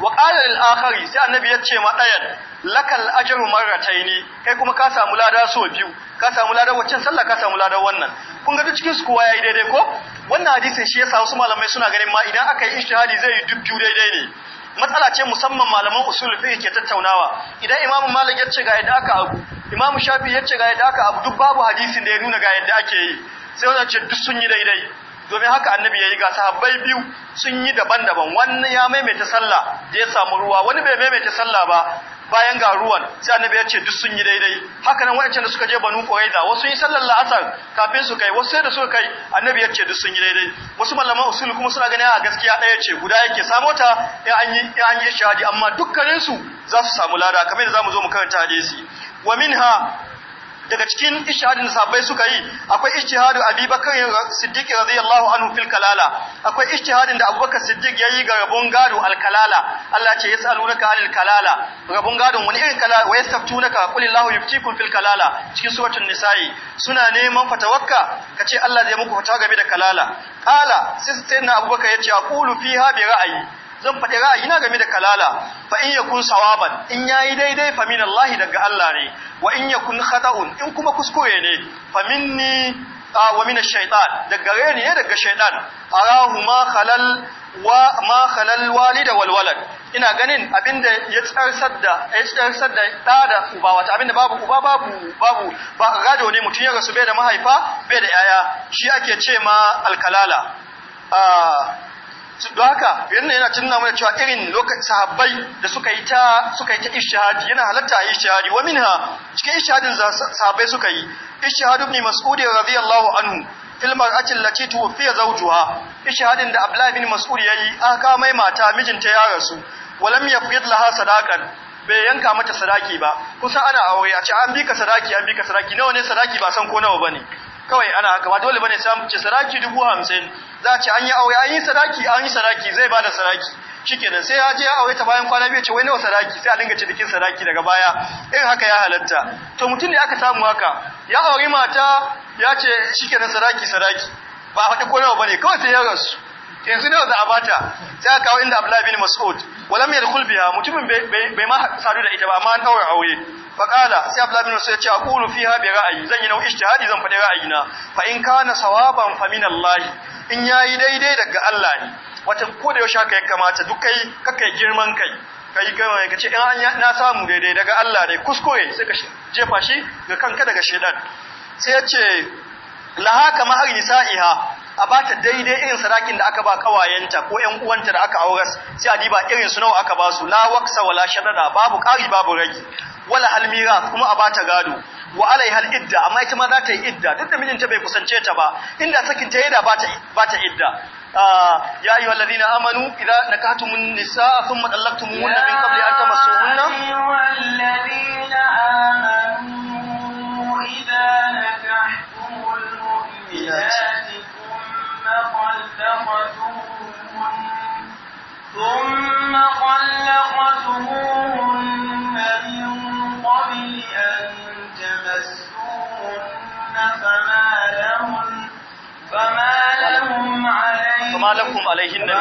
wa qala lil akhari sai annabi yace ma ɗayan. lakal ajru marrataini kai kuma ka samu lada so biyu ka samu lada waccan sallah ka samu lada wannan kun ga duk cikin su kowa yayi daidai ko wannan hadisin shi yasa wasu malamai suna ganin ma idan aka yi ijtihadi zai yi duk biyu daidai ne matsala ce musamman malaman usul fiqh ke tattaunawa idan imamu malik ya ce ga yadda aka abu imamu shafi ya ce ga yadda aka abu duk babu hadisin da ya nuna ga yadda ake yi sai wannan ce duk sun yi daidai domin haka annabi yayi ga sahabbai biyu sun yi daban-daban wannan ya maimaita sallah da ya samu ruwa wani bai maimaita sallah ba bayan ga ruwan sai annabi ya ce duk sun yi daidai haka nan wayancan da suka je banu quraiza wasu yi sallar la'asar kafin su kai wasu sai da suka kai annabi ya ce duk sun yi daidai wasu malaman usul kuma suna ganin a gaskiya ɗaya ce guda yake samo ta in an yi in an yi shahadi amma dukkanin su za su samu lada kamar da zamu zo mu karanta hadisi wa minha daga cikin ishihadin sabbai suka yi akwai ijtihadu Abi Bakr Siddiq radiyallahu anhu fil kalala akwai ijtihadin da Abubakar Siddiq yayi ga rabon gado al kalala Allah ce yasalunaka anil kalala rabon gado wani irin kalala wa yastaftunaka qulillahu yuftikum fil kalala cikin suratul nisa'i suna neman fatawakka kace Allah zai muku fatawa game da kalala qala sai na Abubakar yace aqulu fiha bi ra'ayi zan faɗi ra'ayina game da kalala fa in yakun sawaban in yayi daidai fa min Allah daga Allah ne wa in yakun khata'un in kuma kuskure ne fa minni wa min ash daga gare ne daga shaiɗan. arahu ma khalal ma khalal ina ganin abinda ya tsarsar da ya tsarsar da da uba wata abinda babu uba babu babu ba gado ne mutum ya rasu bai da mahaifa bai da yaya shi ake ce ma al-kalala don haka yana yana tunna mana cewa irin lokacin sahabbai da suka yi ta suka yi ta ishihadi yana halatta a ishihadi wa minha cikin ishihadin sahabbai suka yi ishihadu ibn mas'ud radiyallahu anhu fil mar'ati allati tuwfiya zawjuha ishihadin da abdullahi ibn mas'ud yayi aka mai mata mijinta ya rasu walam yafrid laha sadaqan bai yanka mata sadaki ba kusa ana aure a ce an bika sadaki an bika sadaki nawa ne sadaki ba san ko nawa bane kawai ana haka ba dole bane sai an ci sadaki dubu hamsin za a ce an yi aure an yi sadaki an yi sadaki zai ba da sadaki shikenan sai ya je ya aure ta bayan kwana biyu ce wai nawa sadaki sai a dinga bikin sadaki daga baya in haka ya halatta to mutum ne aka samu haka ya aure mata ya ce shikenan sadaki sadaki ba faɗi ko nawa bane kawai sai ya rasu yanzu nawa za a bata sai aka kawo inda Abdullahi bin Mas'ud walam yadkhul biha mutumin bai ma sadu da ita ba amma an tawaye aure faqala sai Abdullahi bin ya ce aqulu fiha bi ra'ayi zan yi nau ijtihadi zan fadi ra'ayi na. fa in kana sawaban fa min Allah in yayi daidai daga Allah ne wata ko da yaushe haka ya kamata duk kai kakai girman kai kai kai kace in an na samu daidai daga Allah ne kuskure sai ka jefa shi ga kanka daga shedan sai ya ce laha kama har nisa'iha a bata daidai irin sadakin da aka ba kawayenta ko yan uwanta da aka auras sai a diba irin su nawa aka ba su la wala babu ƙari babu ragi wala halmira kuma a bata gado wa hal idda amma ita ma za ta yi idda duk da mijinta bai kusance ta ba inda sakin ta yadda ba ta idda ah, ya ayyuhal na amanu idza nakahtumun nisaa thumma talaqtumuhunna min qabli an tamassuhunna ayyuhal ladina amanu idza nakahtumul ثم خلقتموهن من قبل أن تمسوهن فما لهن فما لهم عليهن فما لكم عليهن من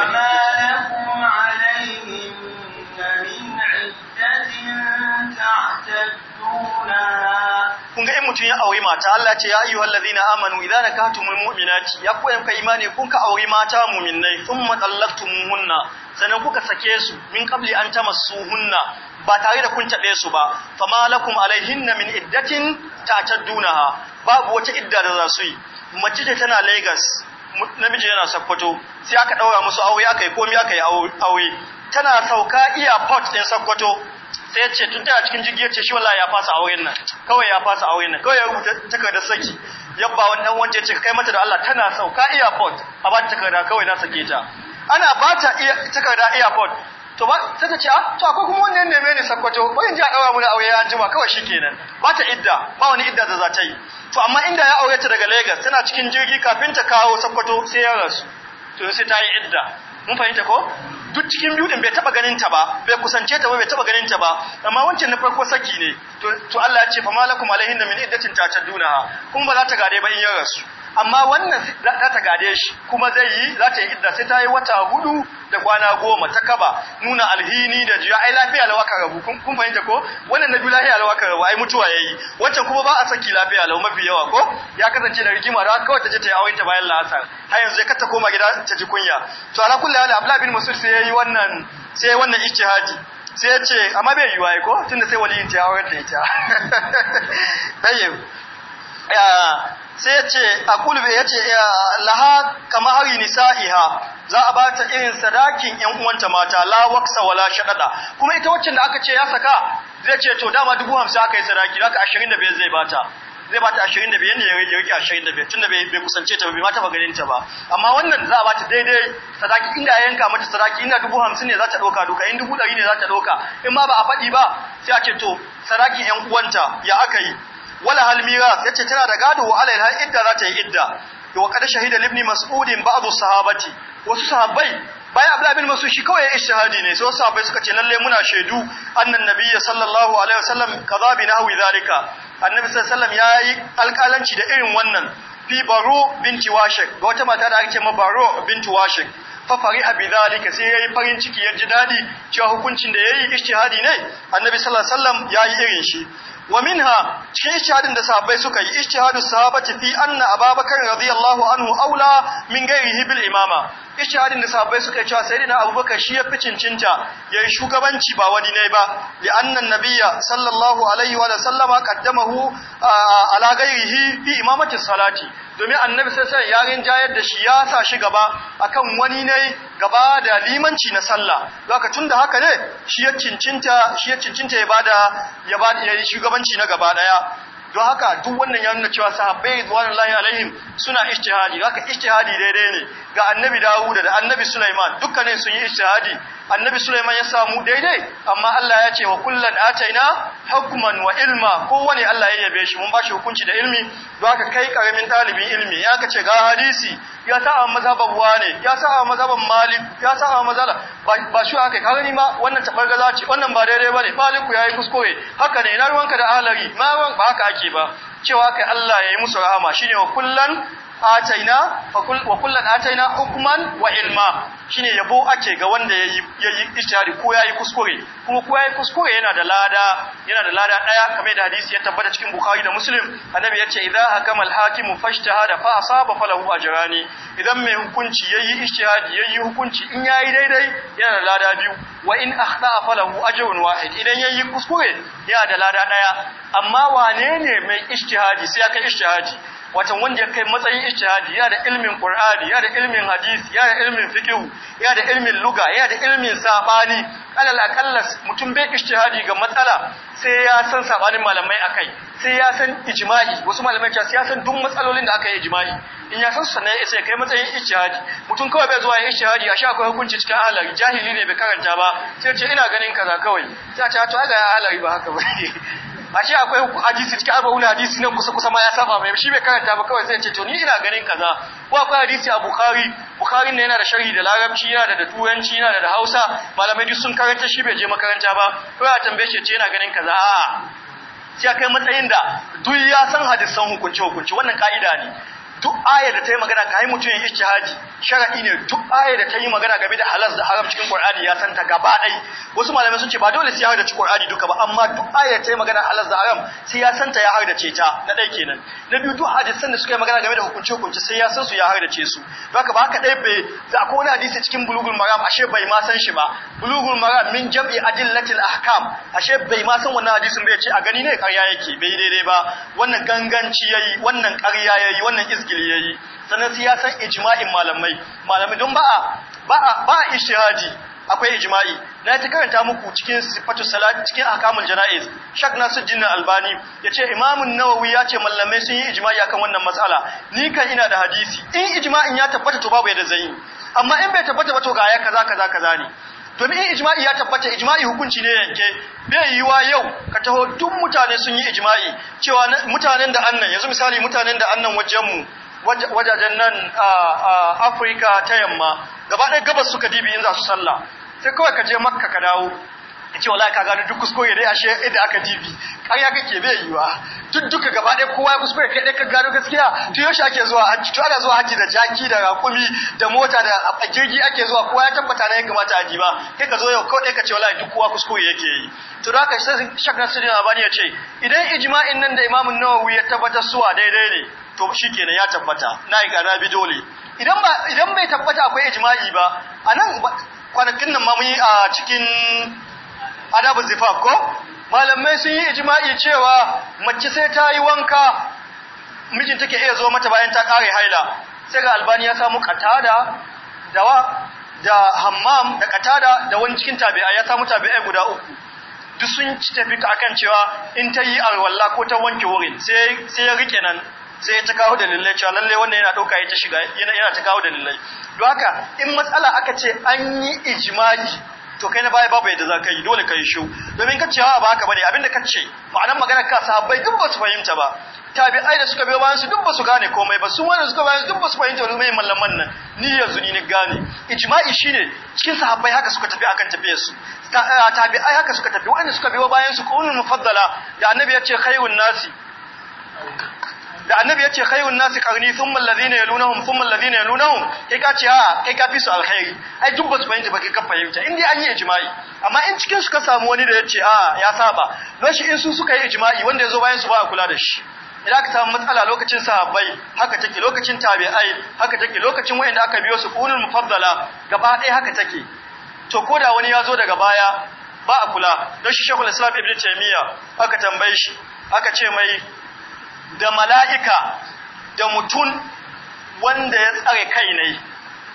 من عدة تعتدونها kun ga in mutum ya aure mata Allah ce ya yi wallazi na amanu idza nakahtumul mu'minati ya ku yanka imani kun ka aure mata sun thumma hunna sanan kuka sake su min qabli an hunna ba tare da kun tabe su ba fama lakum alaihinna min iddatin ta'taddunaha babu wata idda da za su yi mace ce tana Lagos namiji yana Sokoto sai aka ɗaura musu aure aka yi komai aka yi aure tana sauka iya port ɗin Sokoto sai ce tun da a cikin jirgin ce shi wallahi ya fasa auren nan kawai ya fasa auren nan kawai ya rubuta takardar saki yabba wani dan wance ce kai mata da Allah tana sau ka airport a ba ta takarda kawai na sake ta ana ba ta takarda airport to ba sai ta ce ah to akwai kuma wannan neme ne sakwato bayan ji a kawo mu aure ya jima kawai shikenan ba ta idda ba wani idda da za ta yi to amma inda ya aure ta daga Lagos tana cikin jirgi kafin ta kawo sakwato sai ya rasu to sai ta yi idda mun fahimta ko duk cikin biyu din bai taba ganin ta ba bai kusance ta ba bai taba ganin ta ba amma wancan na farko saki ne to Allah ya ce fa malakum alaihin min iddatin ta kun kuma ba za ta gare ba in ya rasu amma wannan za ta gade shi kuma zai yi za ta yi idda sai ta yi wata hudu da kwana goma ta kaba nuna alhini da jiya ai lafiya lawa ka rabu kun fahimta ko wannan na biyu lafiya lawa ka rabu ai mutuwa yayi wancan kuma ba a saki lafiya lawa mafi yawa ko ya kasance da rigima da kawai ta je ta yi ta bayan la'asar har yanzu ya kata koma gida ta ji kunya to ala kulli hal abla bin musul sai yayi wannan sai wannan ijtihadi sai ya ce amma bai yiwa ko tunda sai waliyin ta ya aure da ita [laughs] sai ya ce a kulbe ya ce laha kama hari nisa'iha za a ba ta irin sadakin ‘yan uwanta mata la waksa wala shaɗaɗa kuma ita waccan da aka ce ya saka zai ce to dama dubu hamsin aka yi sadaki da aka ashirin da biyar zai bata zai bata ashirin da biyar ne ya rike ashirin da biyar tun da bai kusance ta bai mata ganin ta ba amma wannan za a bata daidai sadaki inda a yanka mata sadaki inda dubu hamsin ne za ta ɗauka duka in dubu ɗari ne za ta ɗauka in ma ba a faɗi ba sai a ce to sadakin ‘yan uwanta ya aka yi wala hal miras yace tana da gado wa har idda za ta yi idda wa kada shahida ibn mas'ud ba'd sahabati wasu sahabbai bayan abdullahi bin mas'ud shi kawai ishhadi ne sai wasu sahabbai suka ce lalle muna shaidu annan nabiyyi sallallahu alaihi wasallam kaza bi nahwi zalika annabi sallallahu alaihi wasallam yayi alƙalanci da irin wannan fi baro binti washik ga wata mata da ake ma baro binti washik fa fariha bi zalika sai yayi farin ciki ya ji dadi cewa hukuncin da yayi ijtihadi ne annabi sallallahu alaihi wasallam yayi irin shi wa minha cikin ishadin da sahabbai suka yi ishadu sahabati fi anna ababakar radiyallahu anhu aula min ghairihi bil imama ishadin da sahabbai suka yi cewa sayyidina abubakar shi ya fi cincinta yayi shugabanci ba wani ne ba li anna nabiyya sallallahu alaihi wa sallama qaddamahu ala ghairihi fi imamati salati domin annabi sai sai ya Jayar da shi ya sa shi gaba akan wani ne gaba da limanci na sallah zaka tunda haka ne shi ya cincinta shi ya cincinta ya ba ya shugabanci na gaba daya don haka duk wannan ya nuna cewa sahabbai zuwa Allah alaihim suna ijtihadi zaka ijtihadi daidai ne ga annabi Dawud da annabi Sulaiman ne sun yi ishadi annabi Sulaiman ya samu daidai amma Allah ya ce wa kullan ataina hukman wa ilma kowane Allah ya yabe shi mun bashi hukunci da ilmi don haka kai karamin talibin ilmi ya ka ce ga hadisi ya sa a mazhaban wani ya sa a mazhaban malik ya sa a mazala ba shi haka ka gani ma wannan tabargaza ce wannan ba daidai bane maliku yayi kuskure haka ne ina ruwanka da ahlari ma ba haka ake ba cewa kai Allah ya yi musu rahama shine wa kullan ataina wa kullan ataina hukman wa ilma shine yabo ake ga wanda yayi ishari ko yayi kuskure kuma ko yayi kuskure yana da lada yana da lada daya kamar da hadisi ya tabbata cikin bukhari da muslim annabi yace idza hakama alhakim fashtahada fa asaba falahu ajrani idan mai hukunci yayi ishari yayi hukunci in yayi daidai yana da lada biyu wa in akhta falahu ajrun wahid idan yayi kuskure yana da lada daya amma wane ne mai ishari sai aka ishari watan wanda kai matsayin ijtihadi ya da ilmin qur'ani ya da ilmin hadisi ya da ilmin fiqh ya da ilmin luga ya da ilmin sabani alal akallas mutum bai ijtihadi ga matsala sai ya san sabanin malamai akai sai ya san ijma'i wasu malamai ce sai ya san duk matsalolin da aka yi ijma'i in ya san sannan sai kai matsayin ijtihadi mutum kawai bai zuwa ijtihadi a sha akwai hukunci cikin ahlari jahili ne bai karanta ba sai ce ina ganin kaza kawai sai ce to aga ahlari ba haka ba [laughs] a ce akwai hadisi cikin arba'un hadisi nan kusa kusa ma ya saba mai shi bai karanta ba kawai sai ce to ni ina ganin kaza ko akwai hadisi a bukhari bukhari ne yana da sharhi da larabci yana da turanci yana da hausa malamai duk sun karanta shi bai je makaranta ba ko ya tambaye shi ce yana ganin kaza a'a sai kai matsayin da duk ya san hadisan hukunci hukunci wannan ka'ida ne duk ayar da ta yi magana kai mutum ya ijtihadi ne duk ayar da ta yi magana game da halas da haram cikin Qur'ani ya santa gaba ɗaya wasu malamai sun ce ba dole sai ya harda cikin Qur'ani duka ba amma duk ayar da ta yi magana halas da haram sai ya santa ya harda ce ta na ɗaya kenan na biyu duk hadisan da suka yi magana game da hukunci hukunci sai ya san su ya harda ce su haka ba haka ɗaya bai da ko wani hadisi cikin bulugul maram ashe bai ma san shi ba bulugul maram min jam'i adillatil ahkam ashe bai ma san wannan hadisin bai ce a gani ne ƙarya yake bai daidai ba wannan ganganci yayi wannan ƙarya yayi wannan ya yi sannan sai ya san ijima'in malamai malamai don ba ba ba akwai ijma'i na ta karanta muku cikin sifatu cikin ahkamul janaiz shak nasuddin albani ya yace imamun nawawi ce mallamai sun yi ijma'i akan wannan matsala ni kan ina da hadisi in ijima'in ya tabbata to babu yadda zai amma in bai tabbata ba to ga ya kaza kaza kaza ne domin in ijima'i ya tabbata ijima'i hukunci ne yanke bai yiwa yau ka taho duk mutane sun yi ijma'i cewa mutanen da annan yanzu misali mutanen da annan wajenmu wajajen nan a Afirka ta yamma gaba ɗaya gabas suka dibi in za su sallah sai kawai ka je makka ka dawo ce wala ka gano duk kuskure dai ashe idan aka dibi ƙarya kake bai yiwa duk duka gaba ɗaya kowa ya kuskure kai ɗaya ka gano gaskiya to yaushe ake zuwa hajji to ana zuwa hajji da jaki da raƙumi da mota da jirgi ake zuwa kowa ya tabbata na ya kamata a diba kai ka zo yau kawai ɗaya ka ce wala duk kowa kuskure yake yi to da haka shakar na bani ya ce idan ijma'in nan da imamun nawawi ya tabbatar suwa daidai ne to kenan ya tabbata na yi kana bi dole idan bai tabbata akwai ijma'i ba anan kwanakin nan ma yi a cikin adabu zifaf ko malamai sun yi ijma'i cewa mace sai ta yi wanka mijin take iya zo mata bayan ta kare haila sai ga albani ya samu katada dawa da hammam da katada da wani cikin tabi'a ya samu tabi'a guda uku duk sun tafi akan cewa in ta yi alwala ko ta wanke wurin sai ya rike nan sai ya ta kawo dalilai cewa lalle wannan yana dauka ya ta shiga yana yana ta kawo dalilai don haka in matsala aka ce an yi ijma'i to kai na baya babu yadda za ka yi dole ka yi shu domin ka cewa ba haka bane abinda ka ce ma'anar magana ka sahabbai duk ba su fahimta ba tabi'ai da suka biyo bayan su duk ba su gane komai ba su wanda suka bayan duk ba su fahimta wani mai mallaman nan ni yanzu ni ni gane ijma'i shine cikin sahabbai haka suka tafi akan tafiyar su tabi'ai haka suka tafi wanda suka biyo bayan su qulul mufaddala da annabi ya ce khairun nasi da annabi yace khayrun nasi qarni thumma alladhina yalunhum thumma alladhina yalunhum kai ka ce a ah, kai ka fi su alkhairi ai duk basu fahimta ba kai ka fahimta indai an yi ijma'i amma in cikin su ka samu wani da yace a ah, ya saba don shi in su suka yi ijma'i wanda yazo bayan su ba a kula da shi idan aka samu matsala lokacin sahabbai haka take lokacin tabi'ai haka take lokacin wayanda aka biyo su qulul mufaddala gaba ɗaya haka take to koda wani ya zo daga baya ba a kula don shi shekul islam ibnu taymiya aka tambaye shi aka ce mai da mala'ika da mutum wanda ya tsare kai ne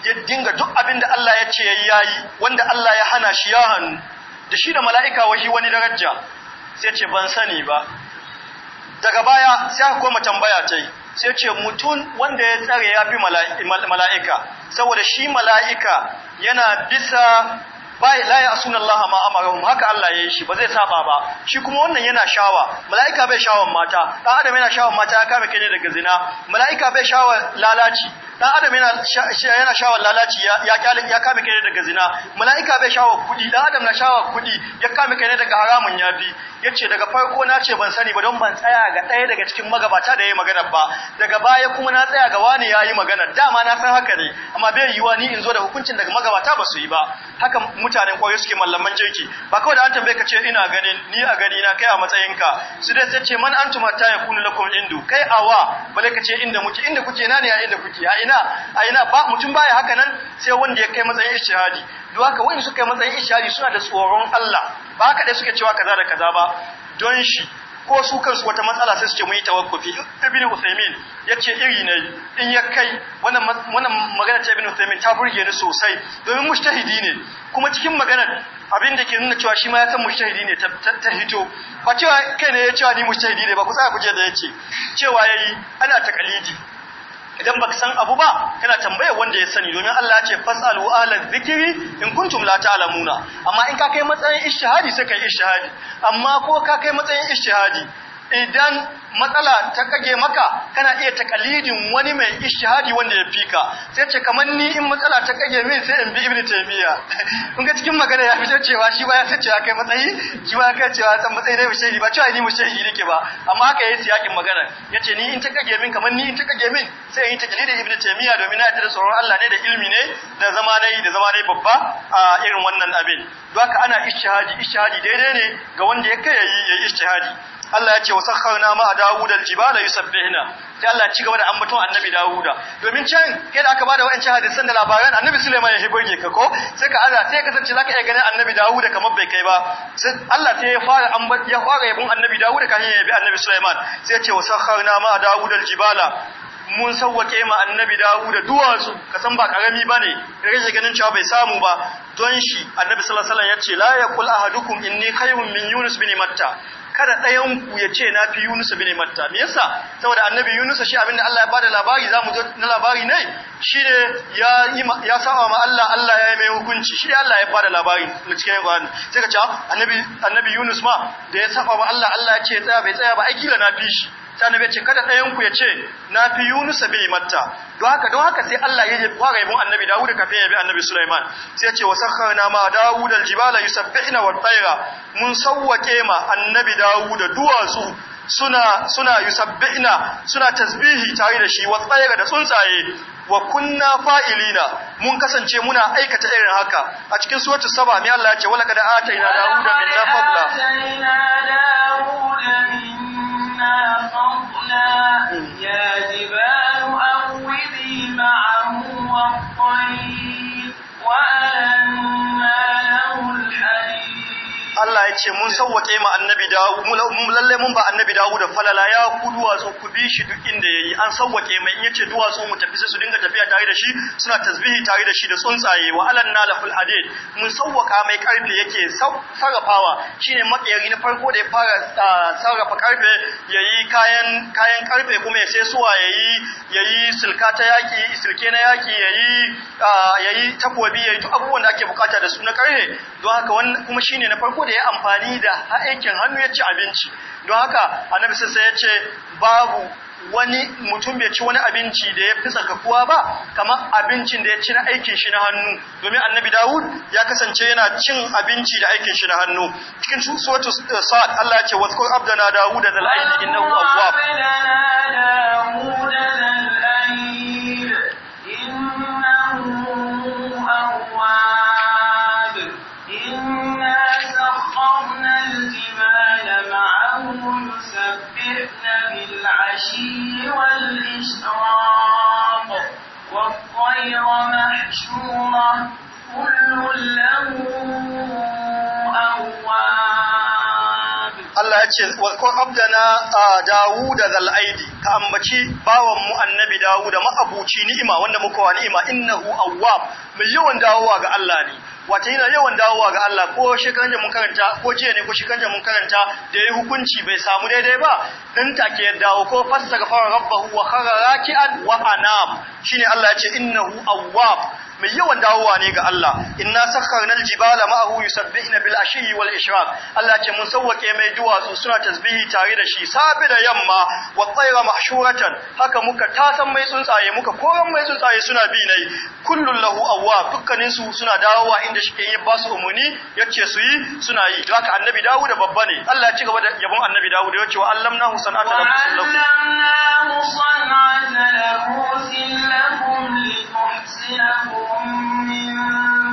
ya dinga duk abin da Allah ya ce ya yi wanda Allah ya hana shi ya hannu da shi da mala'ika wahi wani daraja sai ce ban sani ba daga baya sai aka koma tambaya ta yi sai ce mutum wanda ya tsare ya fi mala'ika saboda shi mala'ika yana bisa ba la ya asuna Allah ma amarahum haka Allah ya yi shi ba zai saba ba shi kuma wannan yana shawa mala'ika bai shawon mata dan adam yana shawon mata ya kame kai ne daga zina mala'ika bai shawan lalaci dan adam yana yana shawon lalaci ya ya kame kai ne daga zina mala'ika bai shawan kudi dan adam na shawan kudi ya kame kai ne daga haramun yafi yace daga farko na ce ban sani ba don ban tsaya ga ɗaya daga cikin magabata da yayi magana ba daga baya kuma na tsaya ga wani yayi magana dama na san haka ne amma bai yiwa ni in zo da hukuncin daga magabata ba su yi ba haka mutanen koyo suke mallaman kirki ba kawai da an tambaye ka ce ina ganin ni a gani na kai a matsayin ka su dai sai ce man ta ya kunu lakum indu kai awa bale ka ce inda muke inda kuke na ne a inda kuke a ina a ina ba mutum baya haka nan sai wanda ya kai matsayin ishtihadi don haka wanda suka kai matsayin ishtihadi suna da tsoron Allah ba haka dai suke cewa kaza da kaza ba don shi ko su kansu wata matsala sai su ce mun yi tawakkufi ibn Uthaymeen yace iri ne in ya kai wannan wannan magana ta ibn Uthaymeen ta burge ni sosai domin mushtahidi ne kuma cikin maganar abin da ke nuna cewa shi ma ya san mushtahidi ne ta hito ba cewa kai ne ya cewa ni mushtahidi ne ba ku tsaya ku je da yace cewa yayi ana taqalidi idan baka san abu ba kana tambayar wanda ya sani domin Allah ya ce fasalu ala zikiri in kuntum la ta'lamuna amma in ka kai matsayin ishtihadi sai kai ishtihadi amma ko ka kai matsayin ishtihadi idan matsala ta kage maka kana iya takalidin wani mai ishihadi wanda ya fika sai ce kamar ni in matsala ta kage min sai in bi ibnu taymiya [laughs] kun ga cikin magana ya fito cewa shi baya ta cewa kai matsayi shi baya kai cewa san matsayi ne mushehi ba cewa ni shehi nake ba amma haka yayi siyakin magana yace ni in ta kage min kamar ni in ta kage min sai in takalidin ibnu taymiya domin na da tsoron Allah ne da ilmi ne da zama ne da zama babba a irin wannan abin don haka ana ishihadi ishihadi daidai ne ga wanda ya kai yayi ishihadi Allah ya ce wa sakharna ma Dawud jibala yusabbihna sai Allah ya ci gaba da ambaton annabi Dawuda domin can yadda aka bada wa'ancin hadisan da labaran annabi Sulaiman ya hibirge ka ko sai ka aza sai kasance zaka iya ganin annabi Dawuda kamar bai kai ba sai Allah sai ya fara ambat ya fara yabon annabi Dawuda kan yabi annabi Sulaiman sai ya ce wa sakharna ma Dawud jibala mun sawwake ma annabi Dawuda duwatsu san ba karami bane rage ganin cewa bai samu ba don shi annabi sallallahu alaihi wasallam yace la yaqul ahadukum inni khayrun min yunus bin matta kada ɗayan ku ya ce na fi Yunus bin Matta me yasa saboda annabi Yunus shi abinda Allah ya bada labari zamu zo na labari ne shine ya ya saba ma Allah Allah ya yi mai hukunci shi Allah ya bada labari na cikin Qur'ani sai ka ce ah, annabi annabi Yunus ma da ya saba ma Allah Allah ya ce tsaya bai tsaya ba ai kila na fi shi sai annabi ce kada ɗayan ku ya ce na fi Yunus bi matta don haka don haka sai Allah ya fara yabon annabi Dawud kafin ya bi annabi Sulaiman sai ya ce wasakharna ma Dawud aljibala yusabbihna wa tayra mun sawwake ma annabi Dawud duwatsu suna suna yusabbihna suna tasbihi tare da shi wa da tsuntsaye wa kunna fa'ilina mun kasance muna aikata irin haka a cikin suratul saba ne Allah ya ce wala kada ataina Dawud min fadla ya ce mun sauwake ma annabi dawo lalle mun ba annabi dawo da falala ya kuduwa su ku bi shi duk inda yayi an sauwake mai yace duwatsu mu tafi sai su dinga tafiya tare da shi suna tasbihi tare da shi da tsuntsaye wa alan nalahul hadid mun sawwaka mai karfe yake sarrafawa shine makiyari na farko da ya fara sarrafa karfe yayi kayan kayan karfe kuma ya sai suwa yayi yayi silka ta yaki silke na yaki yayi yayi takobi yayi duk abubuwan da ake bukata da su na karfe don haka wannan kuma shine na farko da ya amfani da aikin hannu ya ci abinci don haka annabi sai ya ce babu wani mutum bai ci wani abinci da ya fi tsakakuwa ba kamar abincin da ya ci na aikin shi na hannu domin annabi dawud ya kasance yana cin abinci da aikin shi na hannu cikin suwatu eh, sa'ad Allah ce wasu abdana dawud da zal'aini innahu zuwa. ce ko abdana dawu da zal'aidi ka ambaci bawan mu annabi dawu da ma'abuci ni'ima wanda muka wa ni'ima innahu awwab mai yawan dawowa ga Allah ne wata yana yawan dawowa ga Allah ko shekaran mun karanta ko jiya ne ko shekaran mun karanta da ya yi hukunci bai samu daidai ba dan take ya dawo ko fassara fara rabbahu wa khara raki'an wa shi shine Allah ya ce innahu awwab mai yawan dawowa ne ga Allah inna sakharnal jibala ma'ahu yusabbihna bil ashyi wal ishraq Allah ce mun sawwake mai duwatsu suna tasbihi tare da shi sabi da yamma wa tayra mahshuratan haka muka tasan mai tsuntsaye muka koran mai tsuntsaye suna bi nai kullun lahu awwa dukkanin su suna dawowa inda shi ke ba su umuni yace su yi suna yi haka annabi Dawud babba ne Allah ya ci gaba da yabon annabi Dawud yace wa allamnahu sanata lakum lakum يحسنكم من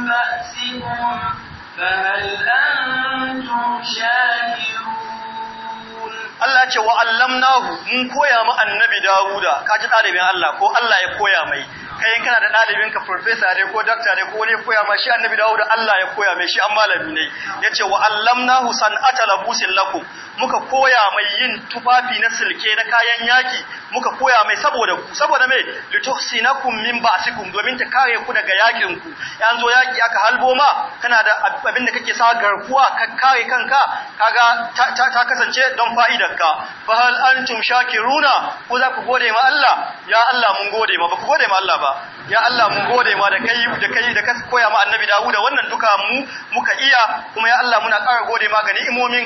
بأسكم فهل أنتم Allah ce "wa'allam nahu, mun koya ma annabi Dawuda ji ɗalibin Allah ko Allah ya koya mai kai kana da ɗalibin ka professor ne ko doctor ne ko wani koya ma shi annabi dawo da Allah ya koya mai shi an malami ne yace wa allamnahu san'ata labusin laku muka koya mai yin tufafi na silke na kayan yaki muka koya mai saboda ku saboda me lituhsinakum min ba'sikum domin ta kare ku daga yakin ku yan zo yaki aka halbo ma kana da abin da kake sa garkuwa ka kare kanka kaga ta kasance don fa'idar ka fa hal antum shakiruna ko za ku gode ma Allah ya Allah mun gode ma ba ku gode ma Allah ba ya Allah mun gode ma da kai da kai da ka koya ma annabi Dawud wannan duka mu muka iya kuma ya Allah muna ƙara gode ma ga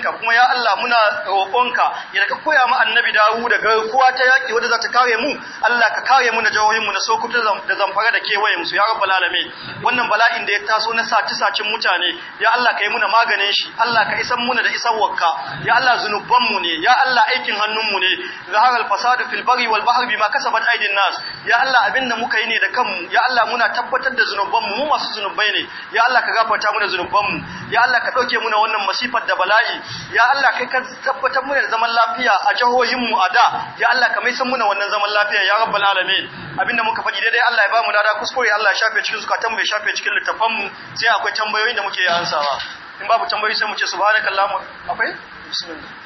ka. kuma ya Allah muna roƙonka ya ka koya ma annabi Dawud da garkuwa ta yaki wanda za ta kare mu Allah ka kare mu na jawoyin mu na Sokoto da Zamfara da kewayen su ya rabbal alamin wannan bala'in da ya taso na saci sacin mutane ya Allah kai muna maganin shi Allah ka isan muna da isawwarka ya Allah zunuban mu ne ya Allah aikin hannun mu ne zaharal fasadu fil bari wal bahri bima kasabat aidin nas ya Allah abinda muka yi ne da kanmu ya Allah muna tabbatar da zunuban mu masu zunubai ne ya Allah ka gafarta muna zunuban. ya Allah ka dauke muna wannan masifar da bala'i ya Allah kai ka tabbatar muna da zaman lafiya a jahohin mu a da ya Allah ka mai san muna wannan zaman lafiya ya rabbal alamin abinda muka faɗi daidai Allah ya ba mu nada kuskure Allah ya shafe cikin zukatan mu ya shafe cikin littafan mu sai akwai tambayoyin da muke yi ansawa in babu tambayoyi sai mu ce subhanakallahumma akwai bismillah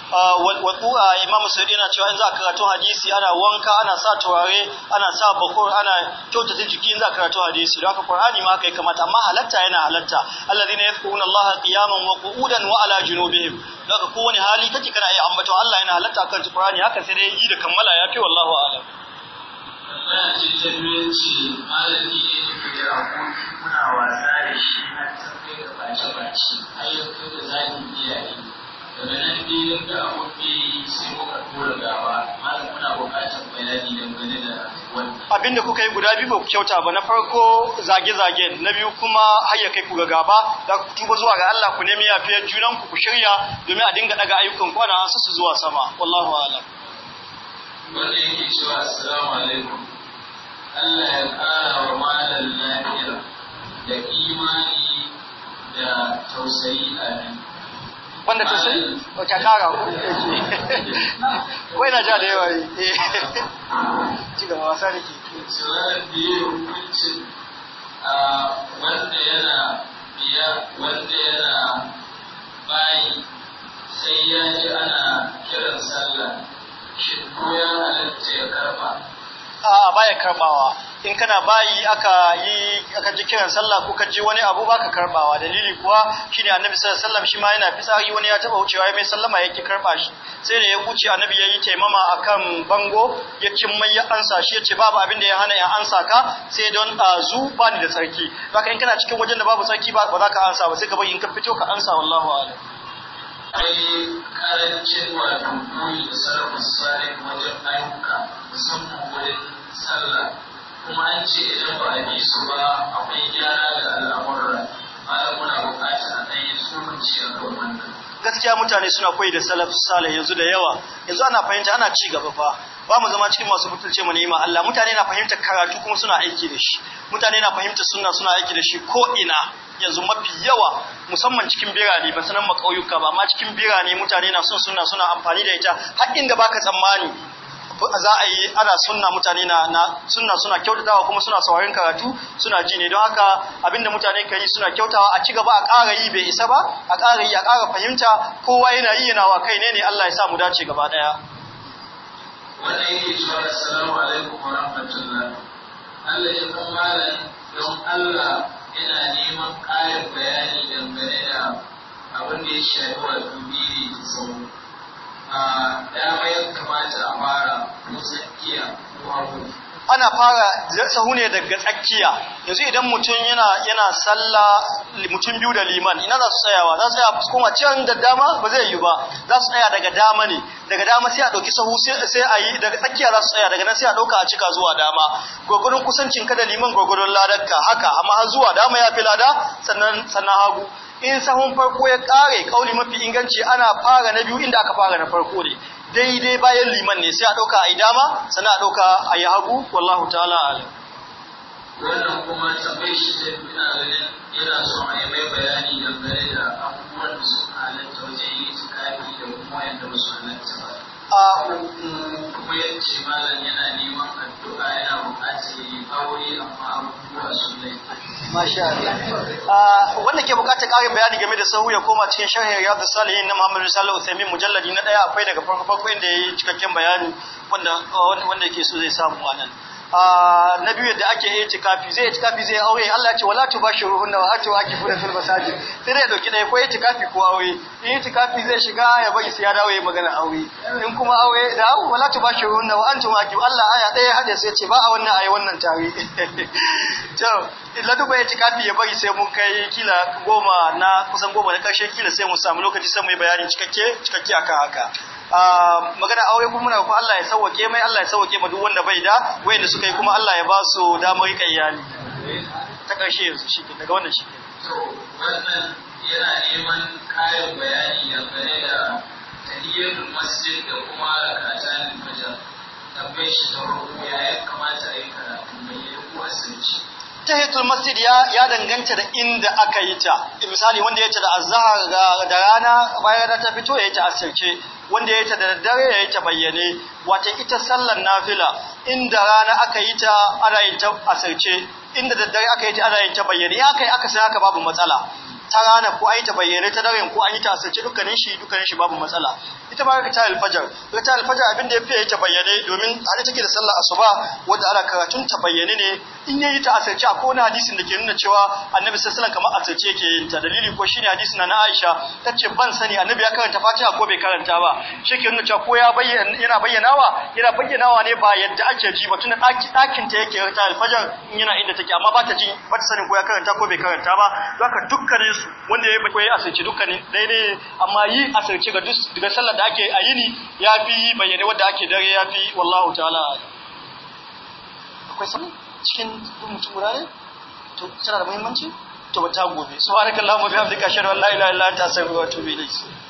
Ah, ah, imamu sa'id yana cewa in za a karatu hadisi ana wanka ana sa turare ana sa bakur ana kyautata jiki in za a karatu hadisi don haka qur'ani ma kai kamata amma halatta yana halatta alladhina yadhkuruna allaha qiyaman wa qu'udan wa ala junubihim don haka kowane hali kake kana yi ambaton Allah yana halatta akan qur'ani haka sai dai yi da kammala ya kai wallahu a'lam tambaya ce ta biyu ce malami ne da aboki wasa da shi na tafiya da bace-bace ayyukan da za mu iya yi daga da wuce sai muka tura gawa malam muna buƙatar bayani dangane da wannan abin da kuka yi guda biyu ba ku kyauta ba na farko zage-zage na biyu kuma hayya kai ku ga gaba za ku tuba zuwa ga Allah ku nemi yafiyar junan ku ku shirya domin a dinga daga ayyukan ku ana su zuwa sama wallahu a'lam wannan yake cewa assalamu alaikum Allah ya ƙara wa malam lafiya da imani da tausayi a amin wanda ta sai wacce kara ku wai na ja da yawa yi ci gaba wasa da ke wanda yana biya wanda yana bayi sai ya ji ana kiran sallah shi ko ya halatta ya karba a baya karbawa in kana bayi aka yi aka ji kiran sallah ko ka ji wani abu baka karbawa dalili kuwa shine annabi sallallahu alaihi wasallam shi ma yana fitsari wani ya taba wucewa ya mai sallama yake karba shi sai da ya wuce annabi yayi taimama akan bango ya cin mai ya ansa shi yace babu abin da ya hana ya ansa ka sai don ba ni da sarki baka in kana cikin wajen da babu sarki ba za ka ansa ba sai ka bari in ka fito ka ansa wallahu a'lam ai karancin wato koyi da sarrafa salih wajen ayyuka musamman wurin sallah kuma an ce idan ba a bi su ba akwai gyara ga al'amurra malam muna buƙatar a ɗan yi tsokanci a kan wannan gaskiya mutane suna koyi da salaf salih yanzu da yawa yanzu ana fahimta ana ci gaba fa ba mu zama cikin masu butulce mu ni'ima Allah mutane na fahimta karatu kuma suna aiki da shi mutane na fahimta sunna suna aiki da shi ko ina yanzu mafi yawa musamman cikin birane ba sanan makauyuka ba amma cikin birane mutane na son sunna suna amfani da ita har inda baka tsammani za a yi ana sunna mutane na, sunna suna kyautatawa kuma suna sauraron karatu suna ji ne don haka abinda mutane ka suna kyautawa a ci gaba a ƙara yi bai isa ba a ƙara yi a ƙara fahimta kowa yana yi yana wa kai ne ne Allah ya sa mu dace gaba ɗaya. Wannan yake cewa assalamu alaikum wa rahmatullah. Allah ya kuma don Allah yana neman ƙarin bayani dangane da abin da ya shafi wa dubiri da tsawo a ah, dama ya kamata a fara ko iya ko hagu ana fara sahu ne daga tsakiya yanzu idan mutum yana yana sallah mutum biyu da liman ina za su tsayawa za su tsaya kuma can da dama ba zai yi ba za su tsaya daga dama ne daga dama sai a dauki sahu sai a yi daga tsakiya za su tsaya daga nan sai a dauka a cika zuwa dama gurgurun kusancin ka da liman gurgurun ladarka haka amma har zuwa dama ya fi lada sannan sannan hagu in sahun farko ya kare kauli mafi inganci ana fara na biyu inda aka fara na farko ne daidai bayan liman ne sai a ɗauka a yi dama sannan a ɗauka a yi hagu wallahu ta'ala alim wannan kuma tambayi shi sai kuna ganin yana so a yi mai bayani dangane da abubuwan da suka halatta wajen yi tukafi da kuma yadda wasu halatta ba kuma yanci malam yana neman addu'a yana buƙatar yi aure amma abubuwa su ne. Masha Allah. Ah, wanda ke buƙatar ƙarin bayani game da sahu ya koma cikin sharhin Riyadu Salihin na Muhammadu Salihu Uthamin mujalladi na ɗaya akwai daga farko farko inda ya yi cikakken bayani wanda wanda yake so zai samu a nan. na biyu da ake yi tikafi zai yi tikafi zai aure Allah ce wala tubashiruhunna wa atu akifuna fil masajid sai dai doki dai ko yi tikafi ko aure in yi tikafi zai shiga ya bari sai ya dawo yayi magana aure in kuma aure da wala tubashiruhunna wa antu akif Allah aya daya hade sai ce ba a wannan ayi wannan tare [laughs] to idan duba ya tikafi ya bari sai mun kai kila goma na kusan goma na karshe kila sai mu samu lokaci sai mu yi bayani cikakke cikakke akan haka Ah, magana aure kuma muna ko Allah ya sauke mai Allah ya sauke mu duk wanda bai da wayanda suka yi kuma Allah ya ba su damar rika iyali ta karshe yanzu shi daga wannan shi to wannan yana neman kayan bayani dangane da tahiyyatul masjid da kuma rakatan fajr tabbai shi da ruku ya kamata a yi karatu mai yi ko asirci tahiyatul masjid ya ya danganta da inda aka yi ta misali wanda yace da azhar da rana bayan ta fito yace asirce wanda yace da daddare yace bayyane wato ita sallar nafila inda rana aka yi ta ana yin ta asirce inda daddare aka yi ta ana yin ta bayyane ya kai aka sai haka babu matsala ta rana ko an yi ta bayyane ta daren ko an yi ta sace dukkanin shi dukkanin shi babu matsala ita ma ta alfajar ta alfajar abin da ya ta bayyane domin da take da sallar asuba wanda ana karatun ta bayyane ne in yayi ta asirce a kowane hadisin da ke nuna cewa annabi sallallahu alaihi kamar asirce yake yin ta dalili ko shine hadisin na Aisha ta ce ban sani annabi ya karanta Fatiha ko bai karanta ba shi ke nuna cewa ko ya bayyana yana bayyanawa yana bayyanawa ne ba yadda ake ji ba tunda dakin ta yake ta alfajar in yana inda take amma ba ta ji ba ta sani ko ya karanta ko bai karanta ba haka dukkanin su wanda ya bai asirci dukkanin daidai amma yi asirci ga duk daga sallar da ake a ni ya fi bayyane wadda ake dare ya fi wallahu ta'ala akwai sani cikin mutum guda ne to tana da muhimmanci to ba ta gobe subhanakallahumma bihamdika ashhadu an la ilaha illa anta astaghfiruka wa atubu ilayk